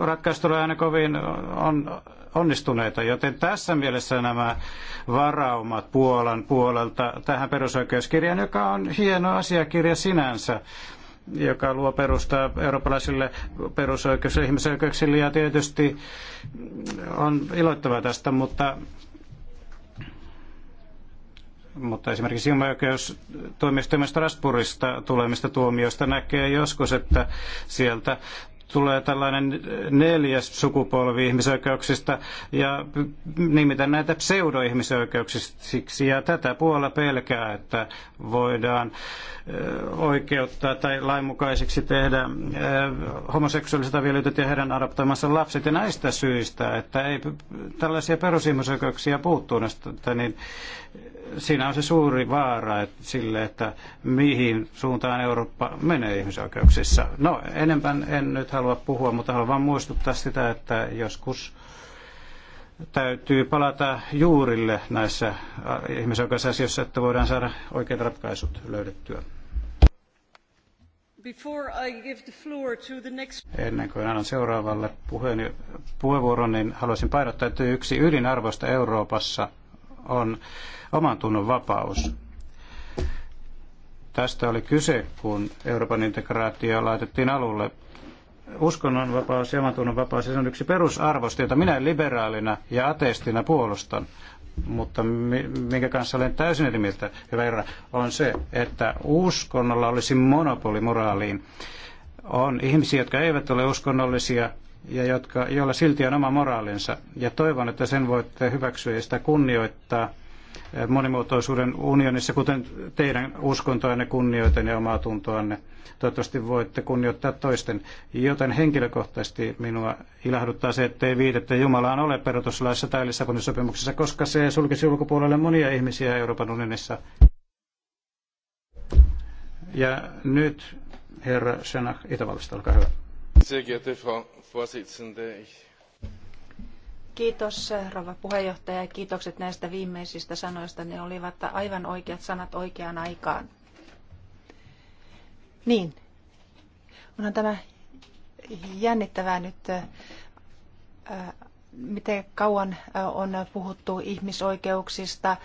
ratkaisut ole aina kovin on, onnistuneita, joten tässä mielessä nämä varaumat Puolan puolelta tähän perusoikeuskirjaan, joka on hieno asiakirja sinänsä, joka luo perustaa eurooppalaisille perusoikeus- ja ihmisoikeuksille. Ja tietysti on iloittava tästä, mutta mutta esimerkiksi ilmaoikeustuomioistuimen Strasbourgista tulemista tuomioista näkee joskus, että sieltä tulee tällainen neljäs sukupolvi ihmisoikeuksista ja nimitän näitä pseudoihmisoikeuksiksi ja tätä puolella pelkää, että voidaan oikeuttaa tai lainmukaisiksi tehdä homoseksuaaliset avioliitot ja heidän adoptoimansa lapset ja näistä syistä, että ei tällaisia perusihmisoikeuksia puuttuu näistä, niin siinä on se suuri vaara että sille, että mihin suuntaan Eurooppa menee ihmisoikeuksissa. No, enempää en nyt halua puhua, mutta haluan vain muistuttaa sitä, että joskus täytyy palata juurille näissä ihmisoikeusasioissa, että voidaan saada oikeat ratkaisut löydettyä. Next... Ennen kuin annan seuraavalle puheenvuoron, niin haluaisin painottaa, että yksi ydinarvoista Euroopassa – on oman tunnon vapaus. Tästä oli kyse, kun Euroopan integraatio laitettiin alulle. Uskonnonvapaus ja omantunnon vapaus on yksi perusarvosta, jota minä liberaalina ja ateistina puolustan mutta minkä kanssa olen täysin eri mieltä, hyvä herra, on se, että uskonnolla olisi monopoli moraaliin. On ihmisiä, jotka eivät ole uskonnollisia, ja jotka, joilla silti on oma moraalinsa. Ja toivon, että sen voitte hyväksyä ja sitä kunnioittaa eh, monimuotoisuuden unionissa, kuten teidän uskontoanne, kunnioiten ja omaa tuntoanne. Toivottavasti voitte kunnioittaa toisten. Joten henkilökohtaisesti minua ilahduttaa se, ettei Jumala Jumalaan ole perutuslaissa tai Lissabonin sopimuksessa, koska se sulkisi ulkopuolelle monia ihmisiä Euroopan unionissa. Ja nyt herra Senach Itävallista, olkaa hyvä
arvoisa
eh, puhemies kiitokset näistä viimeisistä sanoista. Ne olivat aivan oikeat sanat oikeaan aikaan. Niin, onhan tämä jännittävää nyt, eh, eh, miten kauan on puhuttu ihmisoikeuksista,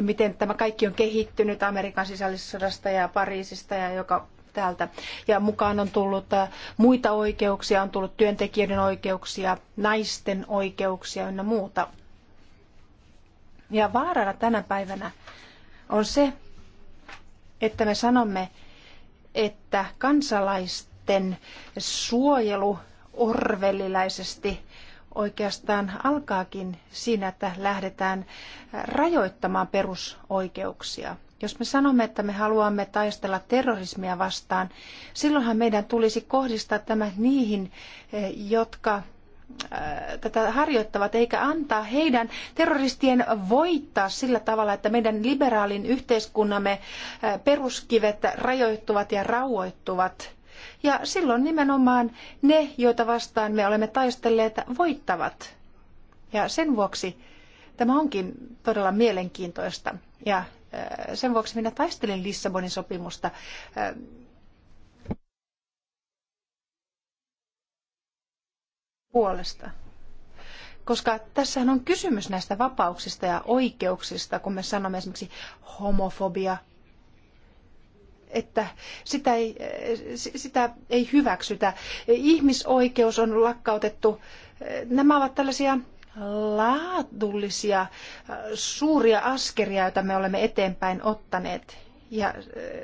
miten tämä kaikki on kehittynyt Amerikan sisällissodasta ja Pariisista ja joka täältä. Ja mukaan on tullut äh, muita oikeuksia, on tullut työntekijöiden oikeuksia, naisten oikeuksia ynnä muuta. Ja vaarana tänä päivänä on se, että me sanomme, että kansalaisten suojelu orvelilaisesti oikeastaan alkaakin siinä, että lähdetään rajoittamaan perusoikeuksia. Jos me sanomme, että me haluamme taistella terrorismia vastaan, silloinhan meidän tulisi kohdistaa tämä niihin, eh, jotka eh, tätä harjoittavat, eikä antaa heidän terroristien voittaa sillä tavalla, että meidän liberaalin yhteiskunnamme eh, peruskivet rajoittuvat ja rauoittuvat. Ja silloin nimenomaan ne, joita vastaan me olemme taistelleet, voittavat. Ja sen vuoksi tämä onkin todella mielenkiintoista. Ja sen vuoksi minä taistelin Lissabonin sopimusta puolesta. Koska tässähän on kysymys näistä vapauksista ja oikeuksista, kun me sanomme esimerkiksi homofobia, että sitä ei, sitä ei hyväksytä. Ihmisoikeus on lakkautettu. Nämä ovat tällaisia laadullisia äh, suuria askeria, joita me olemme eteenpäin ottaneet. Ja äh,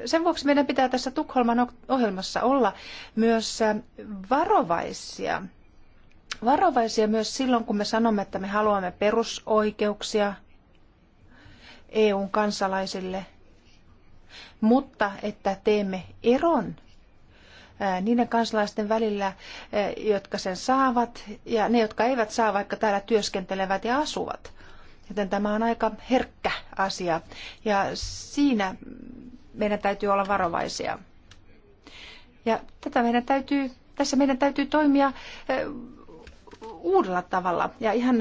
sen vuoksi meidän pitää tässä Tukholman ohjelmassa olla myös äh, varovaisia. Varovaisia myös silloin, kun me sanomme, että me haluamme perusoikeuksia EUn kansalaisille, mutta että teemme eron niiden kansalaisten välillä, jotka sen saavat ja ne, jotka eivät saa, vaikka täällä työskentelevät ja asuvat. Joten tämä on aika herkkä asia ja siinä meidän täytyy olla varovaisia. Ja tätä meidän täytyy, tässä meidän täytyy toimia uudella tavalla ja ihan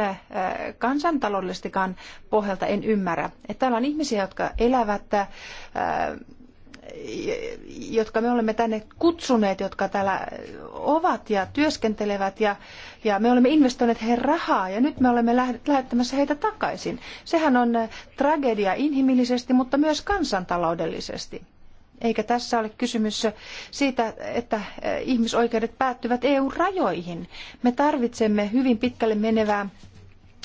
kansantaloudellistikaan pohjalta en ymmärrä. Että täällä on ihmisiä, jotka elävät jotka me olemme tänne kutsuneet, jotka täällä ovat ja työskentelevät ja, ja me olemme investoineet heidän rahaa ja nyt me olemme lähettämässä heitä takaisin. Sehän on eh, tragedia inhimillisesti, mutta myös kansantaloudellisesti. Eikä tässä ole kysymys siitä, että eh, ihmisoikeudet päättyvät EU-rajoihin. Me tarvitsemme hyvin pitkälle menevää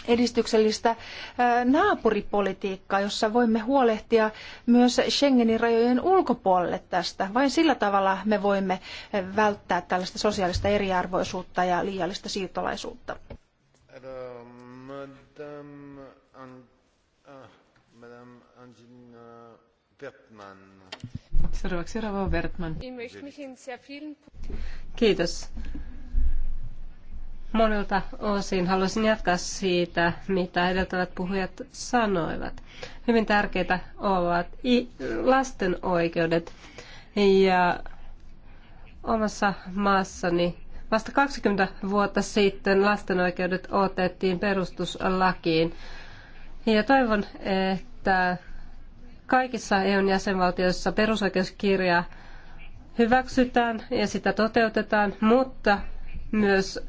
edistyksellistä naapuripolitiikkaa, jossa voimme huolehtia myös Schengenin rajojen ulkopuolelle tästä. Vain sillä tavalla me voimme välttää tällaista sosiaalista eriarvoisuutta ja liiallista siirtolaisuutta.
Seuraavaksi Rova Wertman.
Kiitos monilta osin. Haluaisin jatkaa siitä, mitä edeltävät puhujat sanoivat. Hyvin tärkeitä ovat lasten oikeudet. Ja omassa maassani vasta 20 vuotta sitten lasten oikeudet otettiin perustuslakiin. Ja toivon, että kaikissa EUn jäsenvaltioissa perusoikeuskirja hyväksytään ja sitä toteutetaan, mutta myös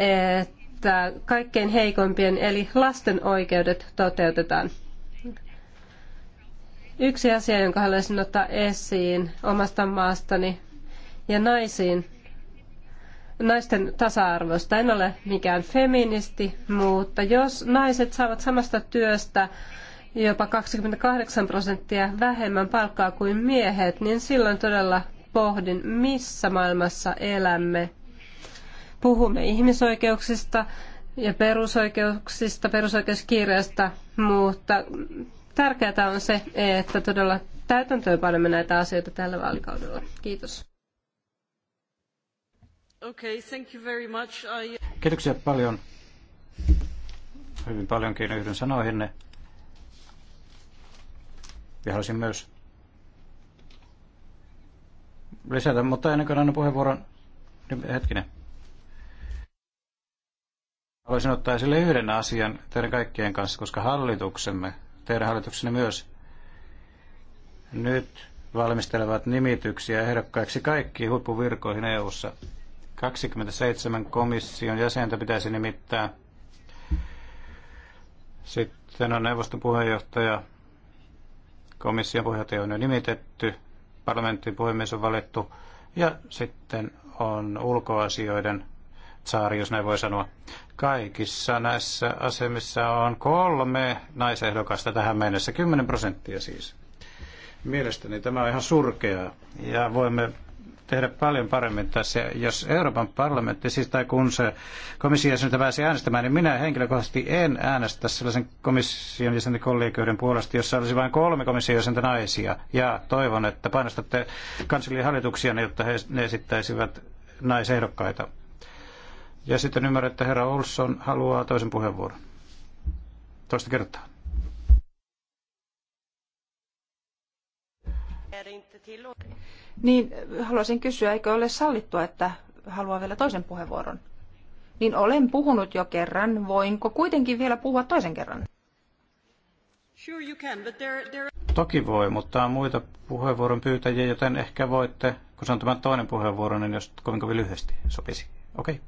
että kaikkein heikoimpien eli lasten oikeudet toteutetaan. Yksi asia, jonka haluaisin ottaa esiin omasta maastani ja naisiin, naisten tasa-arvosta. En ole mikään feministi, mutta jos naiset saavat samasta työstä jopa 28 prosenttia vähemmän palkkaa kuin miehet, niin silloin todella pohdin, missä maailmassa elämme puhumme ihmisoikeuksista ja perusoikeuksista, perusoikeuskirjasta, mutta tärkeää on se, että todella täytäntöönpanemme näitä asioita tällä vaalikaudella. Kiitos. Okay, thank you very much. I...
Kiitoksia paljon. Hyvin paljonkin yhdyn sanoihinne. Ja haluaisin myös lisätä, mutta ennen kuin annan puheenvuoron, niin hetkinen. Haluaisin ottaa esille yhden asian teidän kaikkien kanssa, koska hallituksemme, teidän hallituksenne myös, nyt valmistelevat nimityksiä ehdokkaiksi kaikkiin huippuvirkoihin EU-ssa. 27 komission jäsentä pitäisi nimittää. Sitten on neuvoston puheenjohtaja, komission puheenjohtaja on jo nimitetty, parlamentin puhemies on valittu ja sitten on ulkoasioiden saari, jos näin voi sanoa. Kaikissa näissä asemissa on kolme naisehdokasta tähän mennessä, 10 prosenttia siis. Mielestäni tämä on ihan surkeaa ja voimme tehdä paljon paremmin tässä. Jos Euroopan parlamentti, siis tai kun se komission jäsenet pääsee äänestämään, niin minä henkilökohtaisesti en äänestä sellaisen komission jäsenten kollegioiden puolesta, jossa olisi vain kolme komission jäsentä naisia. Ja toivon, että painostatte kansallien hallituksia, jotta he, ne esittäisivät naisehdokkaita. Ja sitten ymmärrän, että herra Olsson haluaa toisen puheenvuoron. Toista kertaa. Niin, haluaisin
kysyä, eikö ole sallittua, että haluaa vielä toisen puheenvuoron? Niin olen puhunut jo kerran. Voinko kuitenkin vielä puhua toisen kerran?
Toki voi, mutta on muita puheenvuoron pyytäjiä, joten ehkä voitte, kun se on tämä toinen puheenvuoro, niin jos kovin kovin lyhyesti sopisi. Okei. Okay.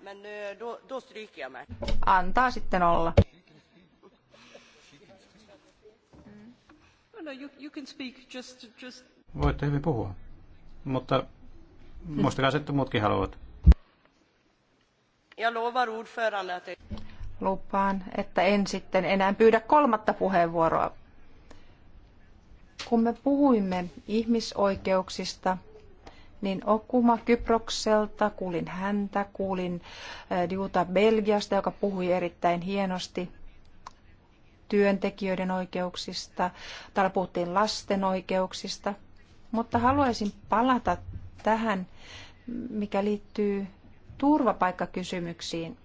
Men eh, då, då stryker jag mig. Antaa sitten olla.
No, no, you, you can speak just, just...
Voitte hyvin puhua, mutta muistakaa sitten muutkin haluavat.
lovar ordförande att...
Lupaan, että en sitten enää pyydä kolmatta puheenvuoroa. Kun me puhuimme ihmisoikeuksista, niin Okuma Kyprokselta, kuulin häntä, kuulin äh, Diuta Belgiasta, joka puhui erittäin hienosti työntekijöiden oikeuksista, täällä puhuttiin lasten oikeuksista, mutta haluaisin palata tähän, mikä liittyy turvapaikkakysymyksiin.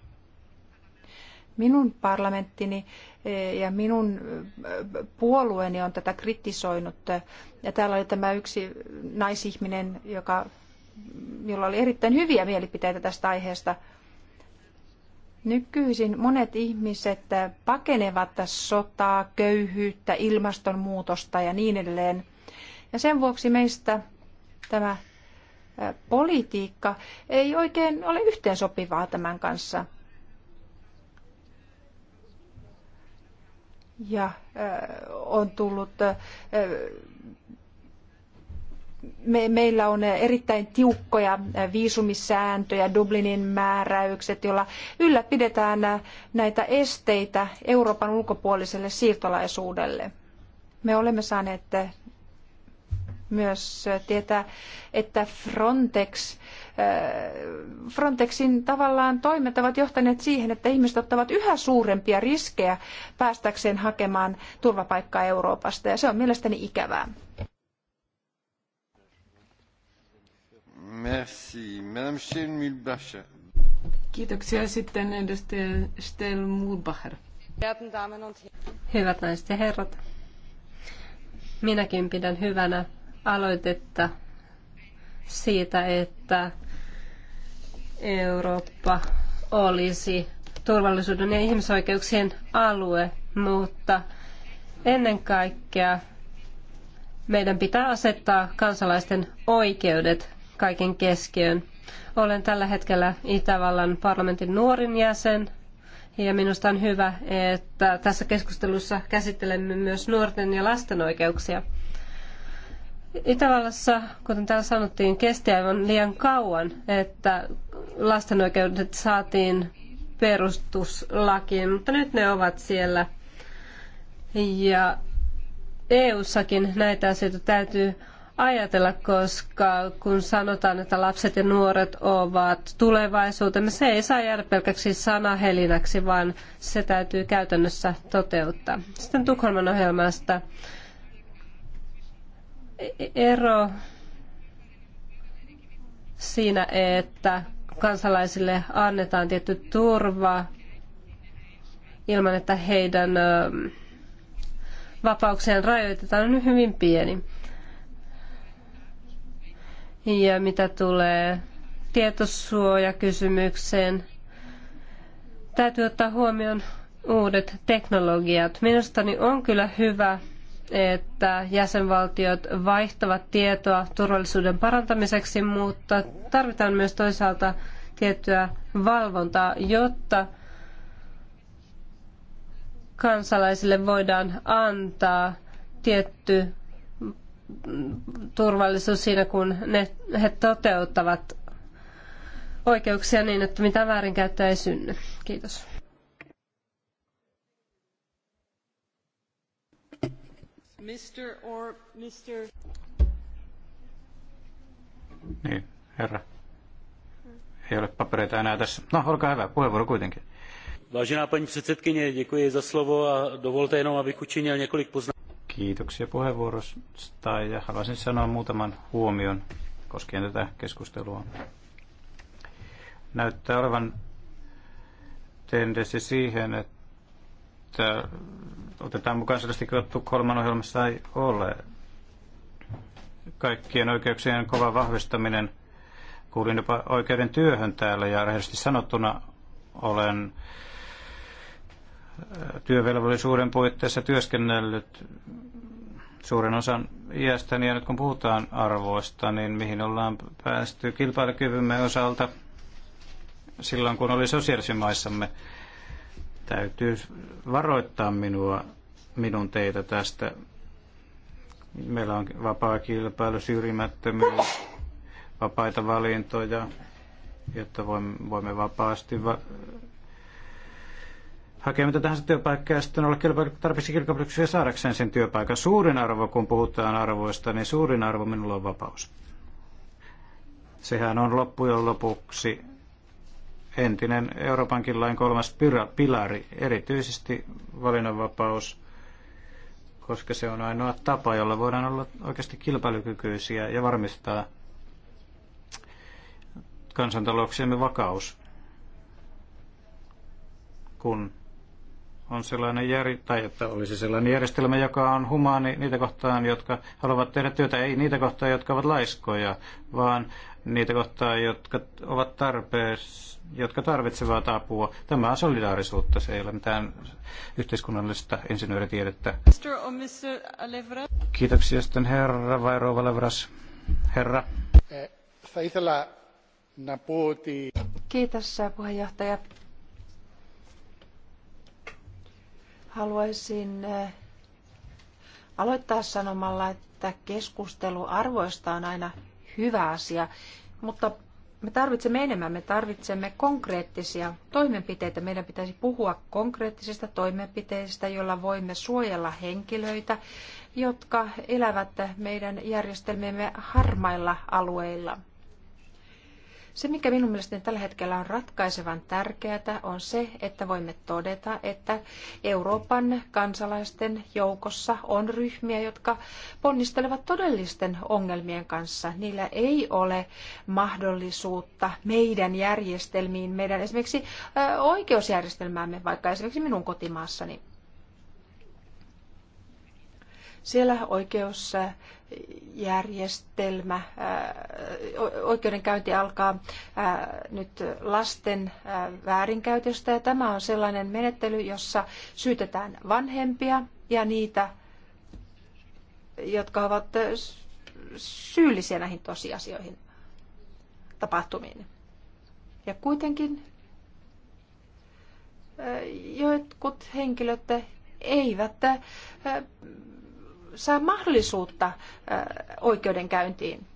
Minun parlamenttini eh, ja minun eh, puolueeni on tätä kritisoinut. Ja täällä oli tämä yksi naisihminen, joka, jolla oli erittäin hyviä mielipiteitä tästä aiheesta. Nykyisin monet ihmiset eh, pakenevat sotaa, köyhyyttä, ilmastonmuutosta ja niin edelleen. Ja sen vuoksi meistä tämä politiikka ei oikein ole yhteensopivaa tämän kanssa. ja äh, on tullut äh, me, meillä on erittäin tiukkoja äh, viisumisääntöjä, Dublinin määräykset, joilla ylläpidetään näitä esteitä Euroopan ulkopuoliselle siirtolaisuudelle. Me olemme saaneet myös tietää, että Frontex Frontexin tavallaan toimet ovat johtaneet siihen, että ihmiset ottavat yhä suurempia riskejä päästäkseen hakemaan turvapaikkaa Euroopasta ja se on mielestäni ikävää.
Merci. Madame Kiitoksia sitten edustaja Schellmühlbacher.
Hyvät naiset ja herrat, minäkin pidän hyvänä aloitetta siitä, että Eurooppa olisi turvallisuuden ja ihmisoikeuksien alue, mutta ennen kaikkea meidän pitää asettaa kansalaisten oikeudet kaiken keskiöön. Olen tällä hetkellä Itävallan parlamentin nuorin jäsen ja minusta on hyvä, että tässä keskustelussa käsittelemme myös nuorten ja lasten oikeuksia. Itävallassa, kuten täällä sanottiin, kesti aivan liian kauan, että lasten oikeudet saatiin perustuslakiin, mutta nyt ne ovat siellä. Ja EU-sakin näitä asioita täytyy ajatella, koska kun sanotaan, että lapset ja nuoret ovat tulevaisuutemme, se ei saa jäädä pelkäksi sanahelinäksi, vaan se täytyy käytännössä toteuttaa. Sitten Tukholman ohjelmasta ero siinä, että kansalaisille annetaan tietty turva ilman, että heidän vapauksien rajoitetaan, on hyvin pieni. Ja mitä tulee tietosuojakysymykseen, täytyy ottaa huomioon uudet teknologiat. Minusta on kyllä hyvä että jäsenvaltiot vaihtavat tietoa turvallisuuden parantamiseksi, mutta tarvitaan myös toisaalta tiettyä valvontaa, jotta kansalaisille voidaan antaa tietty turvallisuus siinä, kun ne, he toteuttavat oikeuksia niin, että mitään väärinkäyttöä ei synny. Kiitos. Mr. or Mr.
Niin, herra. Ei ole papereita enää tässä. No, olkaa hyvä, puheenvuoro kuitenkin. Vážená paní předsedkyně, děkuji za slovo a dovolte jenom, abych učinil několik poznámek. Kiitoksia puheenvuorosta ja haluaisin sanoa muutaman huomion koskien tätä keskustelua. Näyttää olevan tendenssi siihen, että että otetaan mukaan sellaista, joka kolman ohjelmassa ei ole. Kaikkien oikeuksien kova vahvistaminen. Kuulin jopa oikeuden työhön täällä ja rehellisesti sanottuna olen työvelvollisuuden puitteissa työskennellyt suuren osan iästäni. Ja nyt kun puhutaan arvoista, niin mihin ollaan päästy kilpailukyvymme osalta silloin, kun oli sosiaalisimaissamme. maissamme täytyy varoittaa minua, minun teitä tästä. Meillä on vapaa kilpailu, syrjimättömyys, vapaita valintoja, jotta voimme vapaasti va- hakea mitä tahansa työpaikkaa ja sitten olla tarpeeksi kilpailukykyisiä saadakseen sen työpaikan. Suurin arvo, kun puhutaan arvoista, niin suurin arvo minulla on vapaus. Sehän on loppujen lopuksi entinen Euroopankin lain kolmas pilari, erityisesti valinnanvapaus, koska se on ainoa tapa, jolla voidaan olla oikeasti kilpailukykyisiä ja varmistaa kansantalouksiemme vakaus, kun on sellainen jär, tai että olisi sellainen järjestelmä, joka on humaani niitä kohtaan, jotka haluavat tehdä työtä, ei niitä kohtaan, jotka ovat laiskoja, vaan niitä kohtaan, jotka ovat tarpeessa, jotka tarvitsevat apua. Tämä on solidaarisuutta, se ei ole mitään yhteiskunnallista insinööritiedettä. Kiitoksia sitten herra vai rouva Levras. Herra.
Kiitos puheenjohtaja. Haluaisin eh, aloittaa sanomalla, että keskustelu arvoista on aina hyvä asia, mutta me tarvitsemme enemmän, me tarvitsemme konkreettisia toimenpiteitä. Meidän pitäisi puhua konkreettisista toimenpiteistä, joilla voimme suojella henkilöitä, jotka elävät meidän järjestelmiemme harmailla alueilla. Se, mikä minun mielestäni tällä hetkellä on ratkaisevan tärkeää, on se, että voimme todeta, että Euroopan kansalaisten joukossa on ryhmiä, jotka ponnistelevat todellisten ongelmien kanssa. Niillä ei ole mahdollisuutta meidän järjestelmiin, meidän esimerkiksi oikeusjärjestelmäämme, vaikka esimerkiksi minun kotimaassani. Siellä oikeus järjestelmä, oikeudenkäynti alkaa nyt lasten väärinkäytöstä ja tämä on sellainen menettely, jossa syytetään vanhempia ja niitä, jotka ovat syyllisiä näihin tosiasioihin tapahtumiin. Ja kuitenkin jotkut henkilöt eivät saa mahdollisuutta äh, oikeudenkäyntiin.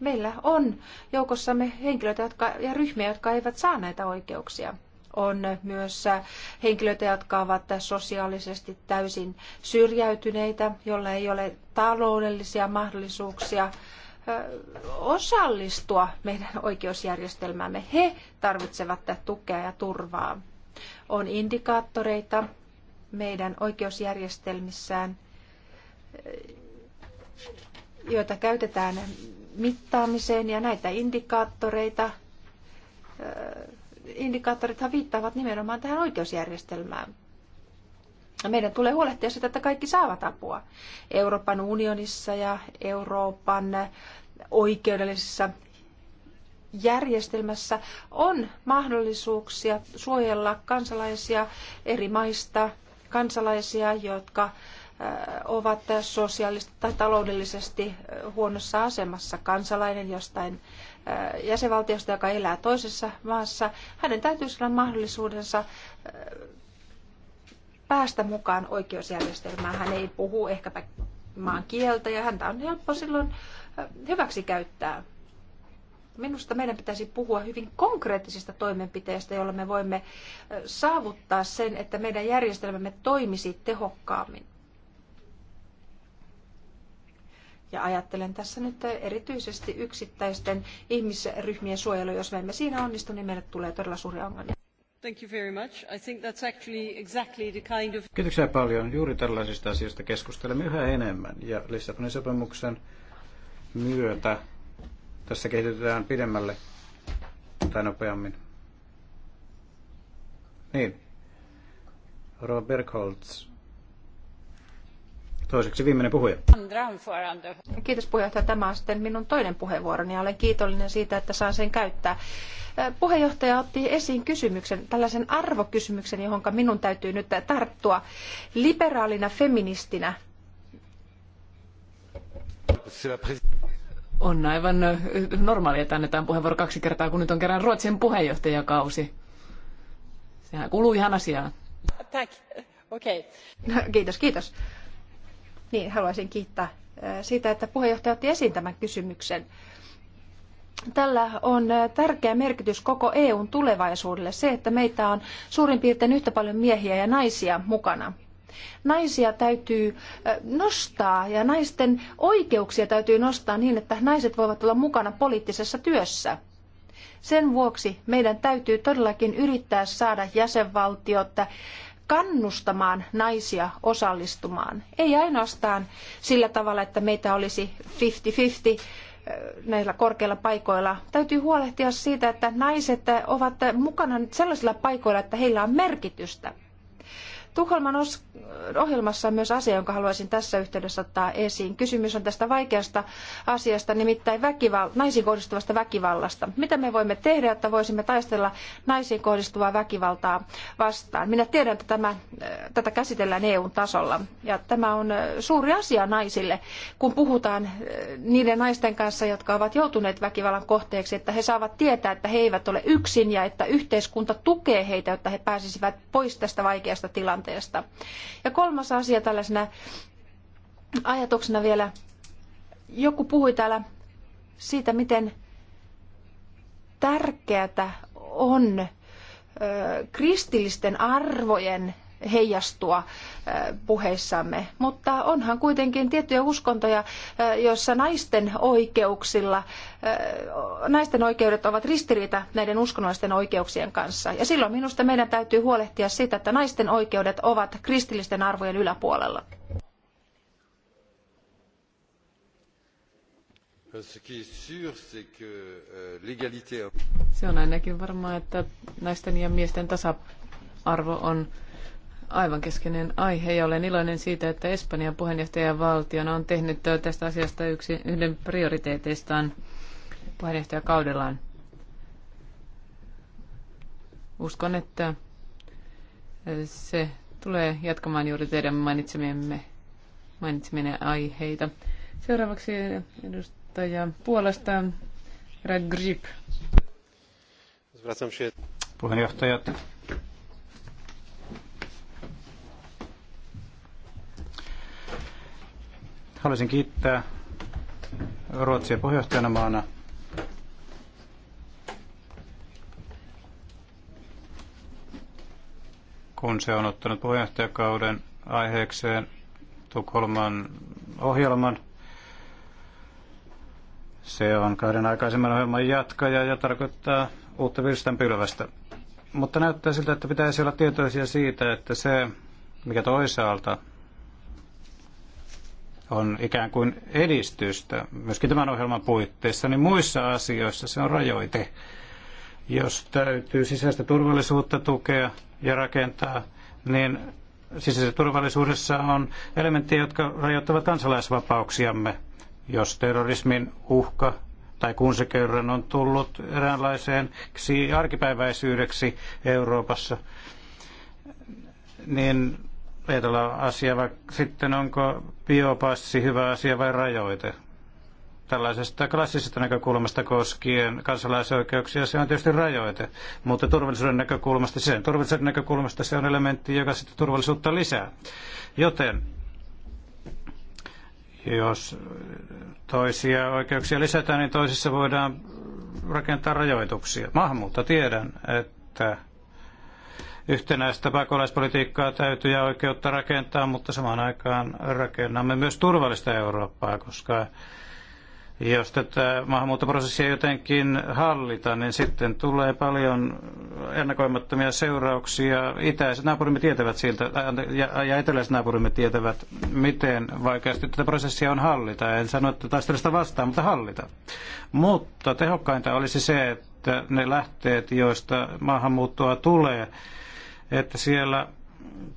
Meillä on joukossamme henkilöitä jotka, ja ryhmiä, jotka eivät saa näitä oikeuksia. On myös äh, henkilöitä, jotka ovat sosiaalisesti täysin syrjäytyneitä, joilla ei ole taloudellisia mahdollisuuksia äh, osallistua meidän oikeusjärjestelmäämme. He tarvitsevat tukea ja turvaa. On indikaattoreita meidän oikeusjärjestelmissään – joita käytetään mittaamiseen ja näitä indikaattoreita. Indikaattorithan viittaavat nimenomaan tähän oikeusjärjestelmään. Meidän tulee huolehtia siitä, että kaikki saavat apua Euroopan unionissa ja Euroopan oikeudellisessa järjestelmässä on mahdollisuuksia suojella kansalaisia eri maista, kansalaisia, jotka ovat sosiaalisesti tai taloudellisesti huonossa asemassa. Kansalainen jostain jäsenvaltiosta, joka elää toisessa maassa, hänen täytyy saada mahdollisuudensa päästä mukaan oikeusjärjestelmään. Hän ei puhu ehkäpä maan kieltä ja häntä on helppo silloin hyväksi käyttää. Minusta meidän pitäisi puhua hyvin konkreettisista toimenpiteistä, joilla me voimme saavuttaa sen, että meidän järjestelmämme toimisi tehokkaammin. Ja ajattelen tässä nyt erityisesti yksittäisten ihmisryhmien suojelua. Jos me emme siinä onnistu, niin meille tulee todella suuria ongelmia.
Thank you very much. I think that's actually exactly the kind of...
Kiitoksia paljon. Juuri tällaisista asioista keskustelemme yhä enemmän. Ja Lissabonin sopimuksen myötä tässä kehitetään pidemmälle tai nopeammin. Niin. Robert Bergholz Toiseksi viimeinen puhuja.
Kiitos puheenjohtaja. Tämä on sitten minun toinen puheenvuoroni ja olen kiitollinen siitä, että saan sen käyttää. Puheenjohtaja otti esiin kysymyksen, tällaisen arvokysymyksen, johon minun täytyy nyt tarttua liberaalina feministinä.
On aivan normaalia, että annetaan puheenvuoro kaksi kertaa, kun nyt on kerran Ruotsin puheenjohtajakausi. Sehän kuuluu ihan asiaan.
Okay. No, kiitos, kiitos. Niin, haluaisin kiittää siitä, että puheenjohtaja otti esiin tämän kysymyksen. Tällä on tärkeä merkitys koko EUn tulevaisuudelle se, että meitä on suurin piirtein yhtä paljon miehiä ja naisia mukana. Naisia täytyy nostaa ja naisten oikeuksia täytyy nostaa niin, että naiset voivat olla mukana poliittisessa työssä. Sen vuoksi meidän täytyy todellakin yrittää saada jäsenvaltiot kannustamaan naisia osallistumaan. Ei ainoastaan sillä tavalla, että meitä olisi 50-50 äh, näillä korkeilla paikoilla. Täytyy huolehtia siitä, että naiset ovat mukana sellaisilla paikoilla, että heillä on merkitystä. Tukholman ohjelmassa on myös asia, jonka haluaisin tässä yhteydessä ottaa esiin. Kysymys on tästä vaikeasta asiasta, nimittäin väkival- naisiin kohdistuvasta väkivallasta. Mitä me voimme tehdä, että voisimme taistella naisiin kohdistuvaa väkivaltaa vastaan? Minä tiedän, että tämä, äh, tätä käsitellään EU-tasolla. Ja tämä on äh, suuri asia naisille, kun puhutaan äh, niiden naisten kanssa, jotka ovat joutuneet väkivallan kohteeksi, että he saavat tietää, että he eivät ole yksin ja että yhteiskunta tukee heitä, jotta he pääsisivät pois tästä vaikeasta tilanteesta tilanteesta. Ja kolmas asia tällaisena ajatuksena vielä. Joku puhui täällä siitä, miten tärkeätä on kristillisten arvojen heijastua puheissamme. Mutta onhan kuitenkin tiettyjä uskontoja, joissa naisten oikeuksilla, naisten oikeudet ovat ristiriita näiden uskonnollisten oikeuksien kanssa. Ja silloin minusta meidän täytyy huolehtia siitä, että naisten oikeudet ovat kristillisten arvojen yläpuolella.
Euh,
Se on ainakin varmaa, että naisten ja miesten tasa-arvo on aivan keskeinen aihe ja olen iloinen siitä, että Espanjan puheenjohtajavaltiona on tehnyt tästä asiasta yksi, yhden prioriteeteistaan puheenjohtajakaudellaan. Uskon, että se tulee jatkamaan juuri teidän mainitsemiemme mainitseminen aiheita. Seuraavaksi edustaja puolesta Rad Grip.
Puheenjohtajat, Haluaisin kiittää Ruotsia puheenjohtajana maana kun se on ottanut puheenjohtajakauden aiheekseen Tukholman ohjelman. Se on kahden aikaisemman ohjelman jatkaja ja tarkoittaa uutta pylvästä. Mutta näyttää siltä, että pitäisi olla tietoisia siitä, että se, mikä toisaalta on ikään kuin edistystä, myöskin tämän ohjelman puitteissa, niin muissa asioissa se on rajoite. Jos täytyy sisäistä turvallisuutta tukea ja rakentaa, niin sisäisessä turvallisuudessa on elementtejä, jotka rajoittavat kansalaisvapauksiamme. Jos terrorismin uhka tai kun se kerran on tullut eräänlaiseen arkipäiväisyydeksi Euroopassa, niin opetella asia, vaikka sitten onko biopassi hyvä asia vai rajoite? Tällaisesta klassisesta näkökulmasta koskien kansalaisoikeuksia se on tietysti rajoite, mutta turvallisuuden näkökulmasta, sen turvallisuuden näkökulmasta se on elementti, joka sitten turvallisuutta lisää. Joten jos toisia oikeuksia lisätään, niin toisissa voidaan rakentaa rajoituksia. Mahmuutta tiedän, että Yhtenäistä pakolaispolitiikkaa täytyy ja oikeutta rakentaa, mutta samaan aikaan rakennamme myös turvallista Eurooppaa, koska jos tätä maahanmuuttoprosessia jotenkin hallita, niin sitten tulee paljon ennakoimattomia seurauksia. Itäiset naapurimme tietävät siltä, ja eteläiset naapurimme tietävät, miten vaikeasti tätä prosessia on hallita. En sano, että taistelusta vastaan, mutta hallita. Mutta tehokkainta olisi se, että ne lähteet, joista maahanmuuttoa tulee, että siellä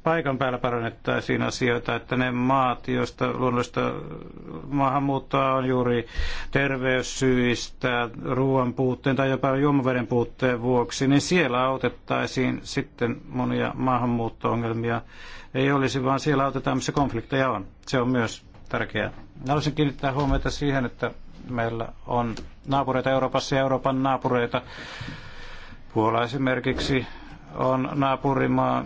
paikan päällä parannettaisiin asioita, että ne maat, joista luonnollista maahanmuuttoa on juuri terveyssyistä, ruoan puutteen tai jopa juomaveden puutteen vuoksi, niin siellä autettaisiin sitten monia maahanmuuttoongelmia. Ei olisi, vaan siellä autetaan, missä konflikteja on. Se on myös tärkeää. Haluaisin kiinnittää huomiota siihen, että meillä on naapureita Euroopassa ja Euroopan naapureita. Puola esimerkiksi, on naapurimaa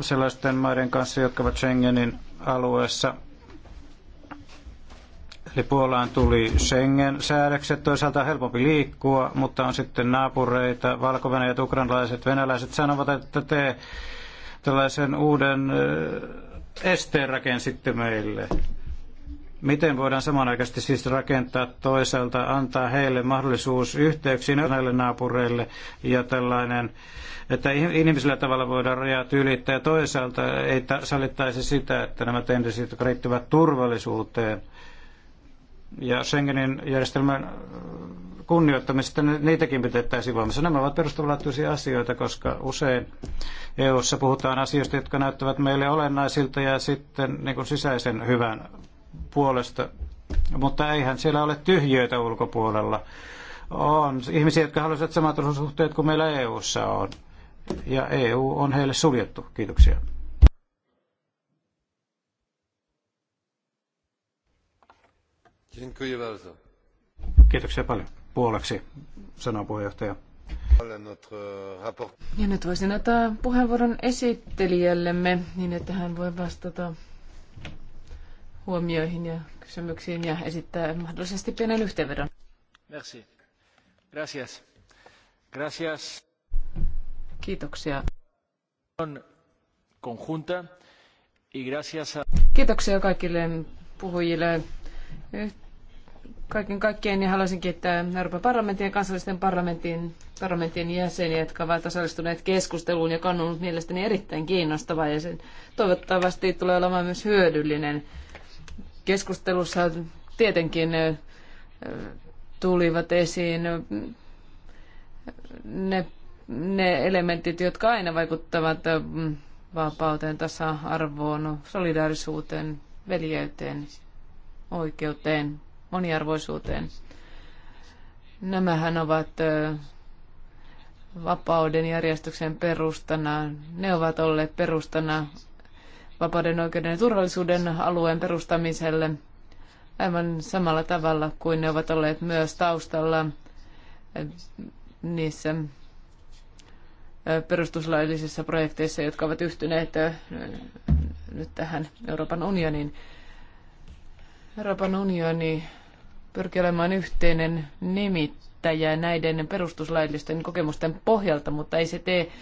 sellaisten maiden kanssa, jotka ovat Schengenin alueessa. Eli Puolaan tuli Schengen-säädökset, toisaalta on helpompi liikkua, mutta on sitten naapureita, valko ja ukrainalaiset, venäläiset sanovat, että te tällaisen uuden esteen rakensitte meille Miten voidaan samanaikaisesti siis rakentaa toisaalta, antaa heille mahdollisuus yhteyksiin näille naapureille ja tällainen, että inhimillisellä tavalla voidaan rajat ylittää ja toisaalta ei sallittaisi sitä, että nämä tendenssit, jotka turvallisuuteen ja Schengenin järjestelmän kunnioittamista, niin niitäkin pitäisi voimassa. Nämä ovat perustavanlaatuisia asioita, koska usein EU-ssa puhutaan asioista, jotka näyttävät meille olennaisilta ja sitten niin kuin sisäisen hyvän puolesta, mutta eihän siellä ole tyhjöitä ulkopuolella. On ihmisiä, jotka haluaisivat samat suhteet kuin meillä EU:ssa on. Ja EU on heille suljettu. Kiitoksia. Kiitoksia paljon. Puoleksi, sanoo puheenjohtaja. Ja nyt voisin
antaa puheenvuoron esittelijällemme niin, että hän voi vastata huomioihin ja kysymyksiin ja esittää mahdollisesti pienen yhteenvedon. Merci. Gracias. Gracias. Kiitoksia. Conjunta y gracias a... Kiitoksia kaikille puhujille. Kaiken kaikkien ja haluaisin kiittää Euroopan parlamentin ja kansallisten parlamentin, parlamentin jäseniä, jotka ovat osallistuneet keskusteluun, joka on ollut mielestäni erittäin kiinnostava ja sen toivottavasti tulee olemaan myös hyödyllinen keskustelussa tietenkin tulivat esiin ne, ne elementit, jotka aina vaikuttavat vapauteen, tasa-arvoon, solidaarisuuteen, veljeyteen, oikeuteen, moniarvoisuuteen. Nämähän ovat vapauden järjestyksen perustana. Ne ovat olleet perustana vapauden, oikeuden ja turvallisuuden alueen perustamiselle aivan samalla tavalla kuin ne ovat olleet myös taustalla eh, niissä eh, perustuslaillisissa projekteissa, jotka ovat yhtyneet eh, nyt tähän Euroopan unioniin. Euroopan unioni pyrkii olemaan yhteinen nimittäjä näiden perustuslaillisten kokemusten pohjalta, mutta ei se tee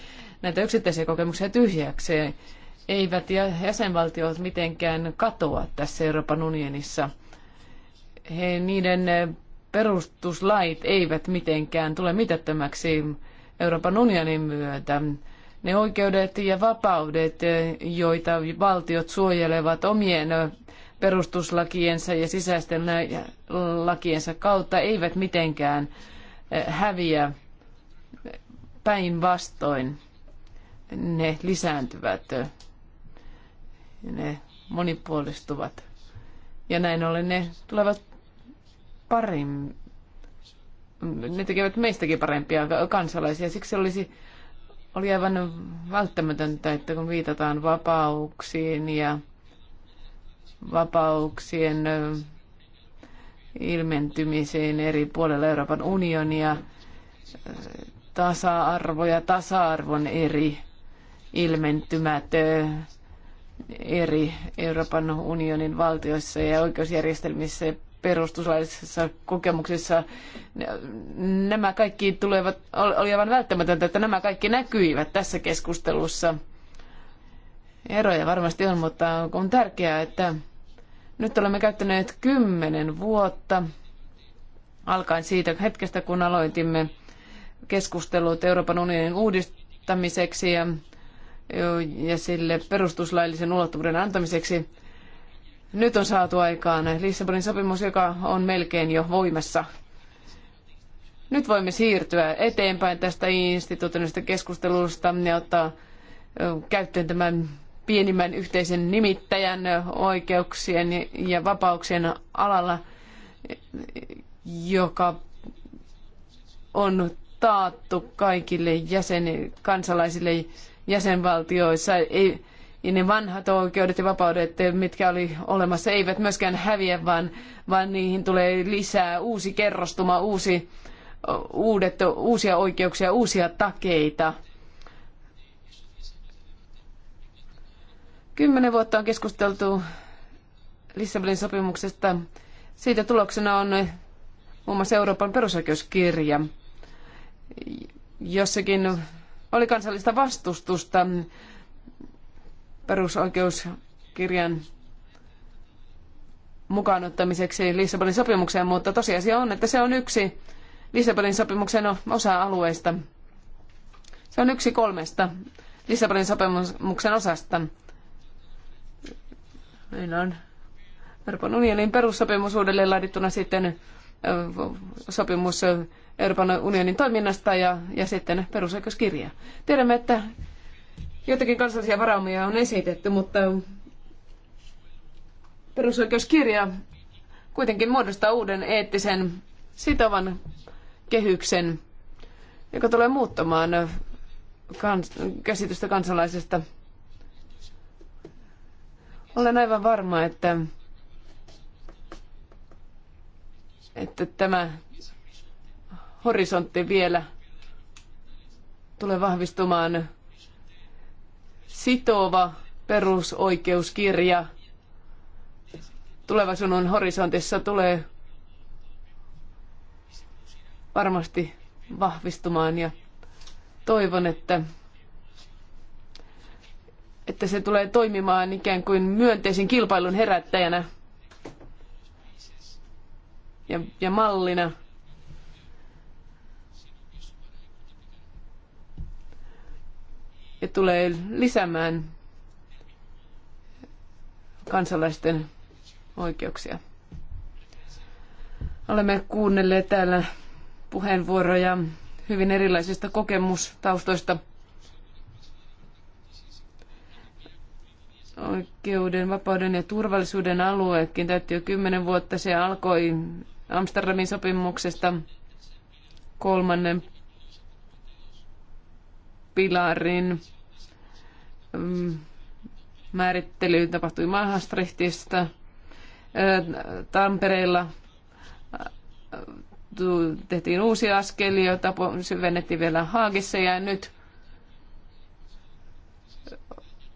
näitä yksittäisiä kokemuksia tyhjäkseen eivät jäsenvaltiot mitenkään katoa tässä Euroopan unionissa. He, niiden perustuslait eivät mitenkään tule mitättömäksi Euroopan unionin myötä. Ne oikeudet ja vapaudet, joita valtiot suojelevat omien perustuslakiensa ja sisäisten lakiensa kautta, eivät mitenkään eh, häviä päinvastoin. Ne lisääntyvät ja ne monipuolistuvat. Ja näin ollen ne tulevat parin, ne tekevät meistäkin parempia kansalaisia. Siksi olisi, oli aivan välttämätöntä, että kun viitataan vapauksiin ja vapauksien ilmentymiseen eri puolilla Euroopan unionia, tasa-arvo ja tasa-arvon eri ilmentymät, eri Euroopan unionin valtioissa ja oikeusjärjestelmissä ja perustuslaillisissa kokemuksissa. Nämä kaikki tulevat, oli aivan välttämätöntä, että nämä kaikki näkyivät tässä keskustelussa. Eroja varmasti on, mutta on tärkeää, että nyt olemme käyttäneet kymmenen vuotta alkaen siitä hetkestä, kun aloitimme keskustelut Euroopan unionin uudistamiseksi ja ja sille perustuslaillisen ulottuvuuden antamiseksi. Nyt on saatu aikaan Lissabonin sopimus, joka on melkein jo voimassa. Nyt voimme siirtyä eteenpäin tästä instituutioista keskustelusta ja ottaa käyttöön tämän pienimmän yhteisen nimittäjän oikeuksien ja vapauksien alalla, joka on taattu kaikille jäsen kansalaisille jäsenvaltioissa. Ei, ne vanhat oikeudet ja vapaudet, mitkä oli olemassa, eivät myöskään häviä, vaan, vaan niihin tulee lisää uusi kerrostuma, uusi, uudet, uusia oikeuksia, uusia takeita. Kymmenen vuotta on keskusteltu Lissabonin sopimuksesta. Siitä tuloksena on muun muassa Euroopan perusoikeuskirja. Jossakin oli kansallista vastustusta perusoikeuskirjan mukaan ottamiseksi Lissabonin sopimukseen, mutta tosiasia on, että se on yksi Lissabonin sopimuksen osa-alueista. Se on yksi kolmesta Lissabonin sopimuksen osasta. Meillä on Euroopan unionin perussopimus uudelleen laadittuna sitten sopimus Euroopan unionin toiminnasta ja, ja sitten perusoikeuskirja. Tiedämme, että joitakin kansallisia varaumia on esitetty, mutta perusoikeuskirja kuitenkin muodostaa uuden eettisen sitovan kehyksen, joka tulee muuttamaan kans- käsitystä kansalaisesta. Olen aivan varma, että että tämä horisontti vielä tulee vahvistumaan sitova perusoikeuskirja tulevaisuuden horisontissa tulee varmasti vahvistumaan ja toivon, että, että se tulee toimimaan ikään kuin myönteisen kilpailun herättäjänä ja, ja mallina. Ja tulee lisäämään kansalaisten oikeuksia. Olemme kuunnelleet täällä puheenvuoroja hyvin erilaisista kokemustaustoista. Oikeuden, vapauden ja turvallisuuden alueetkin täytti jo kymmenen vuotta. Se alkoi Amsterdamin sopimuksesta kolmannen pilarin mm, määrittely tapahtui Maastrichtista. Tampereella tehtiin uusia askelia, joita syvennettiin vielä Haagissa ja nyt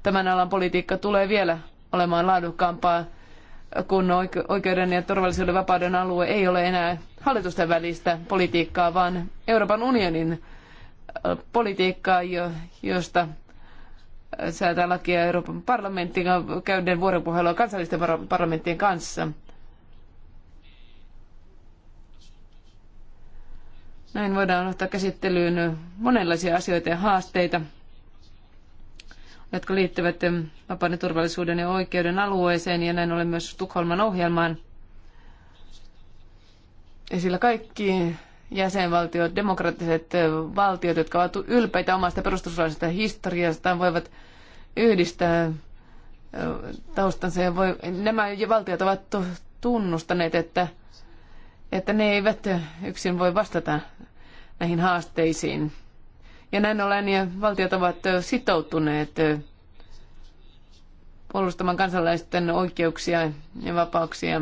tämän alan politiikka tulee vielä olemaan laadukkaampaa kun oikeuden ja turvallisuuden vapauden alue ei ole enää hallitusten välistä politiikkaa, vaan Euroopan unionin politiikkaa, josta säätää lakia Euroopan parlamentin käyden vuoropuhelua kansallisten parlamenttien kanssa. Näin voidaan ottaa käsittelyyn monenlaisia asioita ja haasteita jotka liittyvät vapauden, turvallisuuden ja oikeuden alueeseen ja näin ollen myös Tukholman ohjelmaan. Ja sillä kaikki jäsenvaltiot, demokraattiset valtiot, jotka ovat ylpeitä omasta perustuslaillisesta historiastaan, voivat yhdistää taustansa. Ja voi, nämä valtiot ovat tunnustaneet, että, että ne eivät yksin voi vastata näihin haasteisiin ja näin ollen ja valtiot ovat sitoutuneet puolustamaan kansalaisten oikeuksia ja vapauksia